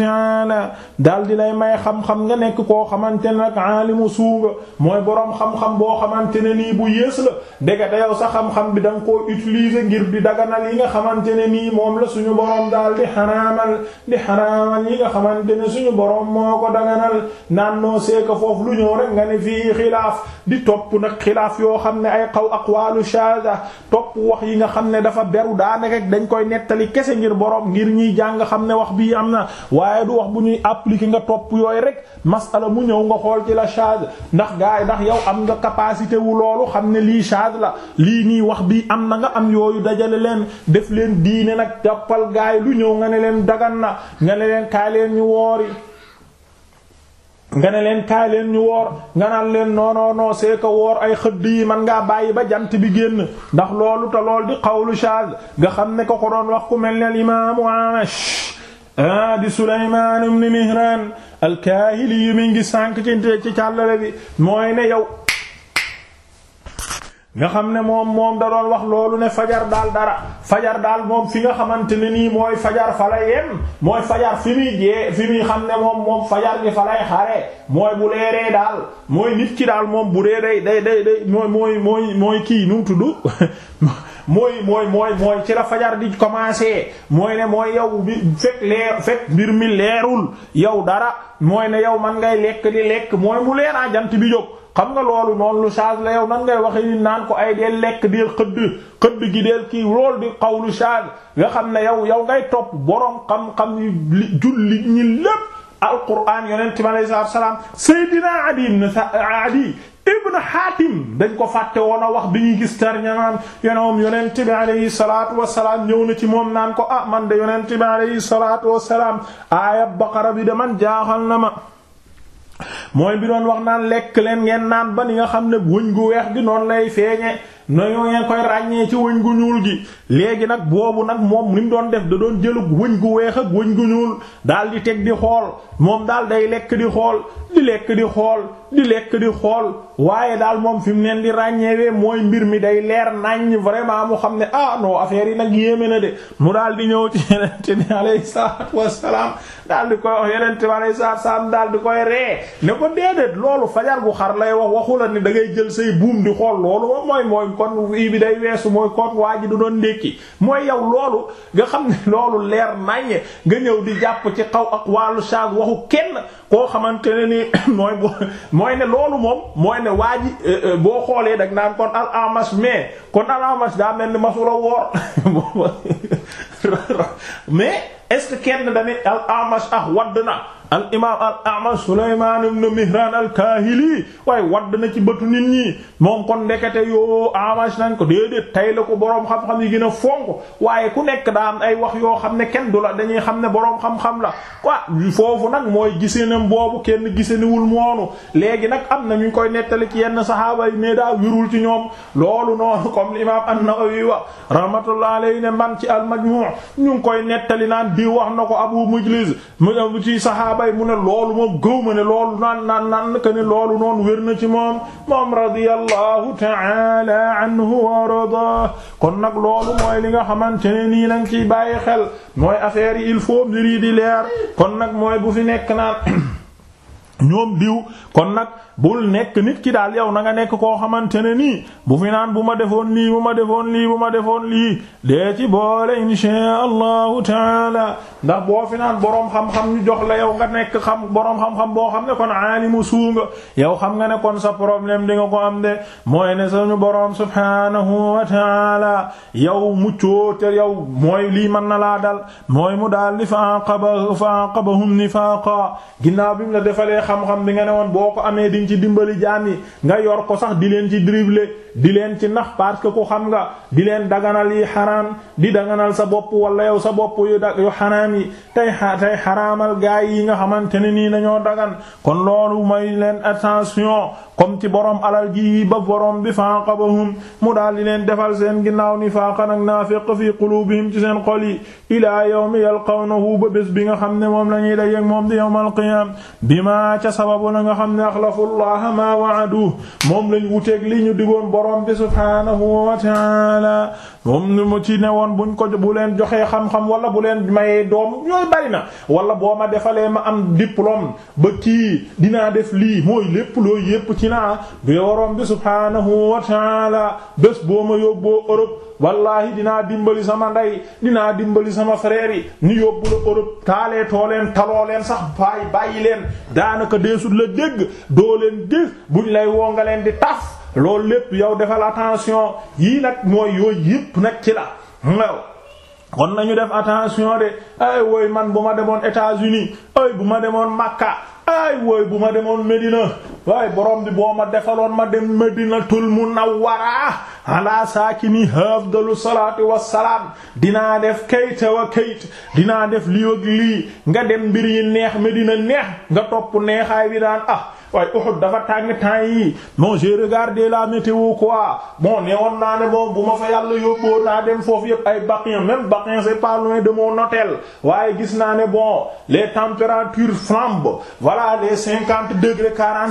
may xam-xam nga nekk koo xamante nag aalimu suuga mooy boroom xam-xam boo xamante ne nii bu yées la ndekete yow sa xam-xam bi da koo utiliser ngir di daganal yi nga xamante ne nii moom la suñu boroom daal di xaraamal di xaraamal yi nga xamante ne suñu boroom moo ko daganal naan noo seeka foofu lu ñëw rek nga ne fii xilaaf di topp nag xilaaf yoo xam ne ay ak aqwaalu shaada topp wax yi nga xam ne dafa beru daanaka dañ koy nettali kese ngir boroom ngir ñuy jàng xam ne wax bii am na waaye du wax bu ñuy appliquer nga topp yooyu rek ndax gars yi ndax am nga capacité wu loolu xam ne lii charge la lii nii wax bii am na nga am yooyu dajale leen def leen diine nag jàppal gaay yi lu ñëw nga ne leen dagan na nga ne leen kaay leen ñu woor nga ne leen kaay leen ñu woor nga naan leen non non non woor ay xëdd yi man ngaa bàyyi ba jant bi génn ndax loolu te lool di xawlu charge nga xam ne ko ko doon wax ku mel ne al imaamu Amash ah, di Sulaymaan ibn Mihraan alkaahili yi mi ngi sànk ci ci càllale bi mooy ne yow nga xam ne moom moom da doon wax loolu ne fajar daal dara fajar daal moom fi nga xamante ni nii mooy fajar fa la yem mooy fajar fi jee fi xam ne moom moom fajar gi fa lay xare mooy bu daal mooy nit ki daal moom bu dee day day mooy mooy mooy mooy mooy mooy mooy mooy ci la fajar di commencer mooy ne mooy yow bi fekk leer fekk mbir leerul yow dara mooy ne yow man ngay lekk di lekk mooy mu leeraa ah, jant bi jóg xam nga loolu noonu lu saas la yow nan ngay waxe naan ko ay deel lekk deel xëdd xëdd gi deel kii loolu di xawlu saas nga xam ne yow yow ngay topp borom xam-xam li julli ñi lépp alquran yonent bi alayhi salaam Seydina Adi ibn Adi ibn Hatim dañ ko fàtte woon a wax bi ñuy gis tarñanaan yenoom yonent bi alayhi salaatu wasalaam ñëw na ci moom naan ko ah man de yonent bi alayhi salaatu wasalaam aaya baqara bi de man jaaxal na ma mooy bi doon wax naan lekk leen ngeen naan ba ni nga xam ne wëñ gu weex gi noonu lay feeñe nañu ngeen koy ràññee ci wëñ gu ñuul ji léegi nag boobu nag moom li mu doon def da doon jëlug wëñ gu weex ak wëñ gu ñuul daal di teg di xool moom daal day lekk di xool di lekk di xool di lekk xool waaye daal moom fi mu neen di ràññeewee mooy mbir mi day leer naññ vraiment mu xam ne ah noo affaire yi nag yéeme na de mu daal di ñëw ci yonente bi alayhi salaatu wassalaam daal di koy wax yonente bi alayhi salaatu daal di koy ree ne ko déedéet loolu fajar bu xar lay wax waxu la da ngay jël say buum di xool loolu kon wii bi day weesu mooy kon waa ji du doon ndékki mooy yow loolu nga xam ne loolu leer naññe nga ñëw di jàpp ci xaw ak wàllu saag waxu kenn koo xamante ne ni mooy bu mooy ne loolu moom mooy ne waa ji euh, euh, boo xoolee dag naan kon al amas mais kon al amas daa mel ni masula woor mais est-ce que kenn dañuy al Amash ah wadd na al imaam al Amash Sulaymaan ibn Mihraan al Kaahili waaye wadd na ci bëtu nit ñi moom kon ndekete yoo Amash nañ ko déedéet tay la ko boroom xam-xam yi gën a fonk waaye ku nekk daa ay wax yoo xam ne kenn du la dañuy xam ne boroom xam-xam la waa foofu nag mooy gisenam boobu kenn giseniwul moonu léegi nag am na ñu koy nettali ci yenn saxaaba yi mais daa wirul ci ñoom loolu noonu comme l'imam an-Nawawi wa rahmatullahi alayhi ne man ci naan diw wax na ko abu mujlis mu ci saxaaba yi mu ne loolu moom gëw ma ne loolu naan naan naan que ne loolu noonu wér na ci moom moom radiyallahu ta'ala anhu wa rada kon nag loolu mooy li nga xamante ne nii lañ ciy bàyyi xel mooy affaire yi il faut mbir yi di leer kon nag mooy bu fi nekk naan ñoom diw kon nag bul nekk nit ki daal yow na nga nekk koo xamante ne nii bu fi naan bu ma defoon lii bu ma defoon lii bu ma defoon lii dee ci boole insha allahu taala ndax boo fi naan boroom xam-xam ñu jox la yow nga nekk xam boroom xam-xam boo xam ne kon aalimu suu nga yow xam nga ne kon sa problème di nga ko am de mooy ne suñu boroom subhanahu wa taala yow muccoo te yow mooy lii mën na laa dal mooy mu daal di fa aqaba fa aqabahum nifaqa ginnaaw bi mu la defalee xam-xam bi nga ne woon boo ko amee leen ci dimbali jaam yi nga yor ko sax di leen ci dribbler di leen ci nax parce que xam nga di leen daganal yi xaraam di daganal sa bopp wala yow sa bopp yu da yu xaraam yi tey tey xaraamal gaay yi nga xamante ne nii dañoo dagan kon loolu may leen attention comme ci borom alal ji ba borom bi faqabahum mu daal di leen defal seen ginnaaw nifaaqan ak naafiq fi quluubihim ci seen xol yi ilaa yawmi yalqawnahu ba bés bi nga xam ne moom na ñuy dajeek moom di la nga xam ne allaha maa wa'aduhu moom lañ wuteeg li ñu digoon borom bi subhaanahu wa ta'ala moom ni mu ci ne woon buñ ko bu leen joxee xam-xam wala bu leen mayee doom yooyu bari na wala boo ma defalee ma am diplôme ba kii dinaa def lii mooy lépp looyu yépp ci naa du waroom bi subhaanahu wa taala bés boo ma yóbboo Europe wallahi dinaa dimbali sama ndey dinaa dimbali sama frère yi ni yóbbu la Europe taalee too leen taloo leen sax bàyyi bàyyi leen daanaka deesut la dégg dooleen leen dégg buñ lay woo nga leen di taf loolu lépp yow defal attention yii nag mooy yooyu yépp nag ci la waaw kon nañu def attention de ay woy man bu ma demoon États-Unis ay bu ma demoon Makka ay woy bu ma demoon Medina waaye borom bi boo ma defaloon ma dem madinatul munawwara ala saakini afdalu salaatu wassalaam dinaa def kayta wa kayt dinaa def lii ak lii nga dem mbir yi neex medina neex nga topp neexaay bi daan ah waaye Uhud dafa tàng temps yi bon j'ai la météo quoi bon nee woon naa ne bon bu ma fa yàlla yóbboo naa dem foofu yëpp ay Baqi même Baqi c'est pas loin de waaye gis naa ne bon les température flambent voilà les cinquante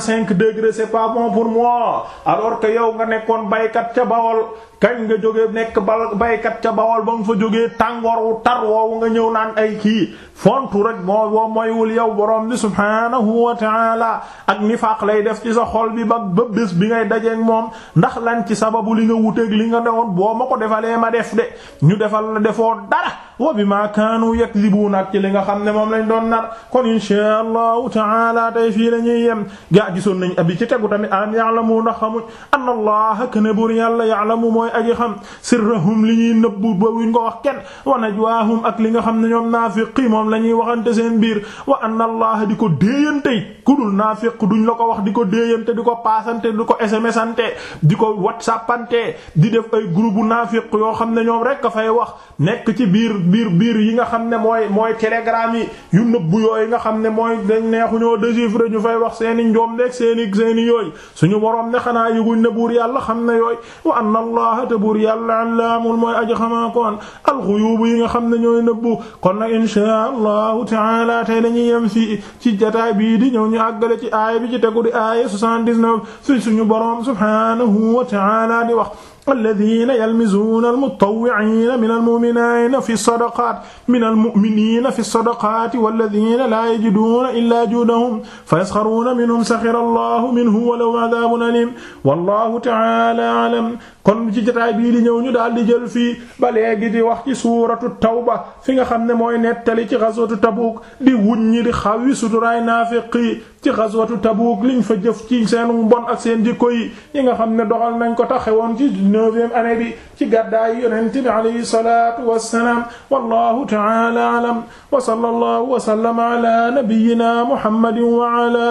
cinq cinq degrés c'est pas bon pour moi alors que yow nga nekkoon baykat ca Bawol kañ nga jógee nekk bal baykat ca Bawol ba nga fa jógee tàngoor wu tar woowu nga ñëw naan ay kii fontu rek moo boo moywul yow borom bi subhanahu wa taala ak nifaaq lay def ci sa xol bi ba ba bés bi ngay dajeeg moom ndax lan ci sababu li nga wuteeg li nga newoon boo ma ko defalee ma def de ñu defal la defoo dara wa bima kaanu yakdhibuun ak ci li nga xam ne moom lañ doon nar kon inshaa allahu taala tey fii la yem gaa gisoon nañ abi ci tegu tamit alam ya'lamu ndax xamuñ anna allaha kana bur yàlla ya'lamu mooy aji xam sirrahum li ñuy nëbbu ba wuñ ko wax kenn wa najwaahum ak li nga xam ne ñoom naafiqi moom la ñuy waxante seen biir wa anna allaha di ko déeyante ku dul naafiq duñ la ko wax di ko déeyante di ko paasante di ko smsante di ko whatsappante di def ay groupe naafiq yoo xam ne ñoom rek ka wax ci biir biir biir yi nga xam ne mooy mooy télégramme yi yu nëbbu yooyu nga xam ne mooy dañ neexuñoo déchiffrer ñu fay wax seeni njoom nekk seeni seeni yooyu suñu boroom ne xanaa yëguñ ne buur yàlla xam ne yooy wa anna allaha te buur yàlla allaamul mooy aji xamaa koon alxuyuub yi nga xam ne ñooy nëbbu kon nag inshaa allahu taala tey dañuy yem si ci jataay bii di ñëw ñu àggale ci aaya bi ci tegu di aaya 79 fi suñu boroom subhanahu wa taala di wax alladina yalmizuuna almutawwi'iina min almu'miniina fi sadaqaat min almu'miniina fi sadaqaat walladina laa yajiduuna illaa juhdahum fayaskharuuna minhum sakhira allahu minhum wa lahum adhaabun aliim wallaahu ta'aala a'lam kon ci jotaay bii di ñëw ñu daal di jël fii ba léegi di wax ci suuratu tawba fi nga xam ne mooy nettali ci xaswatu tabuuk di wuññi di xawwi suturaay naafiqi ci xaswatu tabuuk liñ fa jëf ci seen mbon ak seen jikko yi ñi nga xam ne doxal nañ ko taxewoon ci neuvième année bi ci gàddaay yonente bi alayhi salaatu wassalaam wallahu ta'ala a'lam wa sallallahu wa sallama ala nabiyyina muhammadin wa ala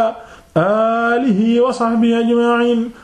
alihi wa sahbihi ajma'in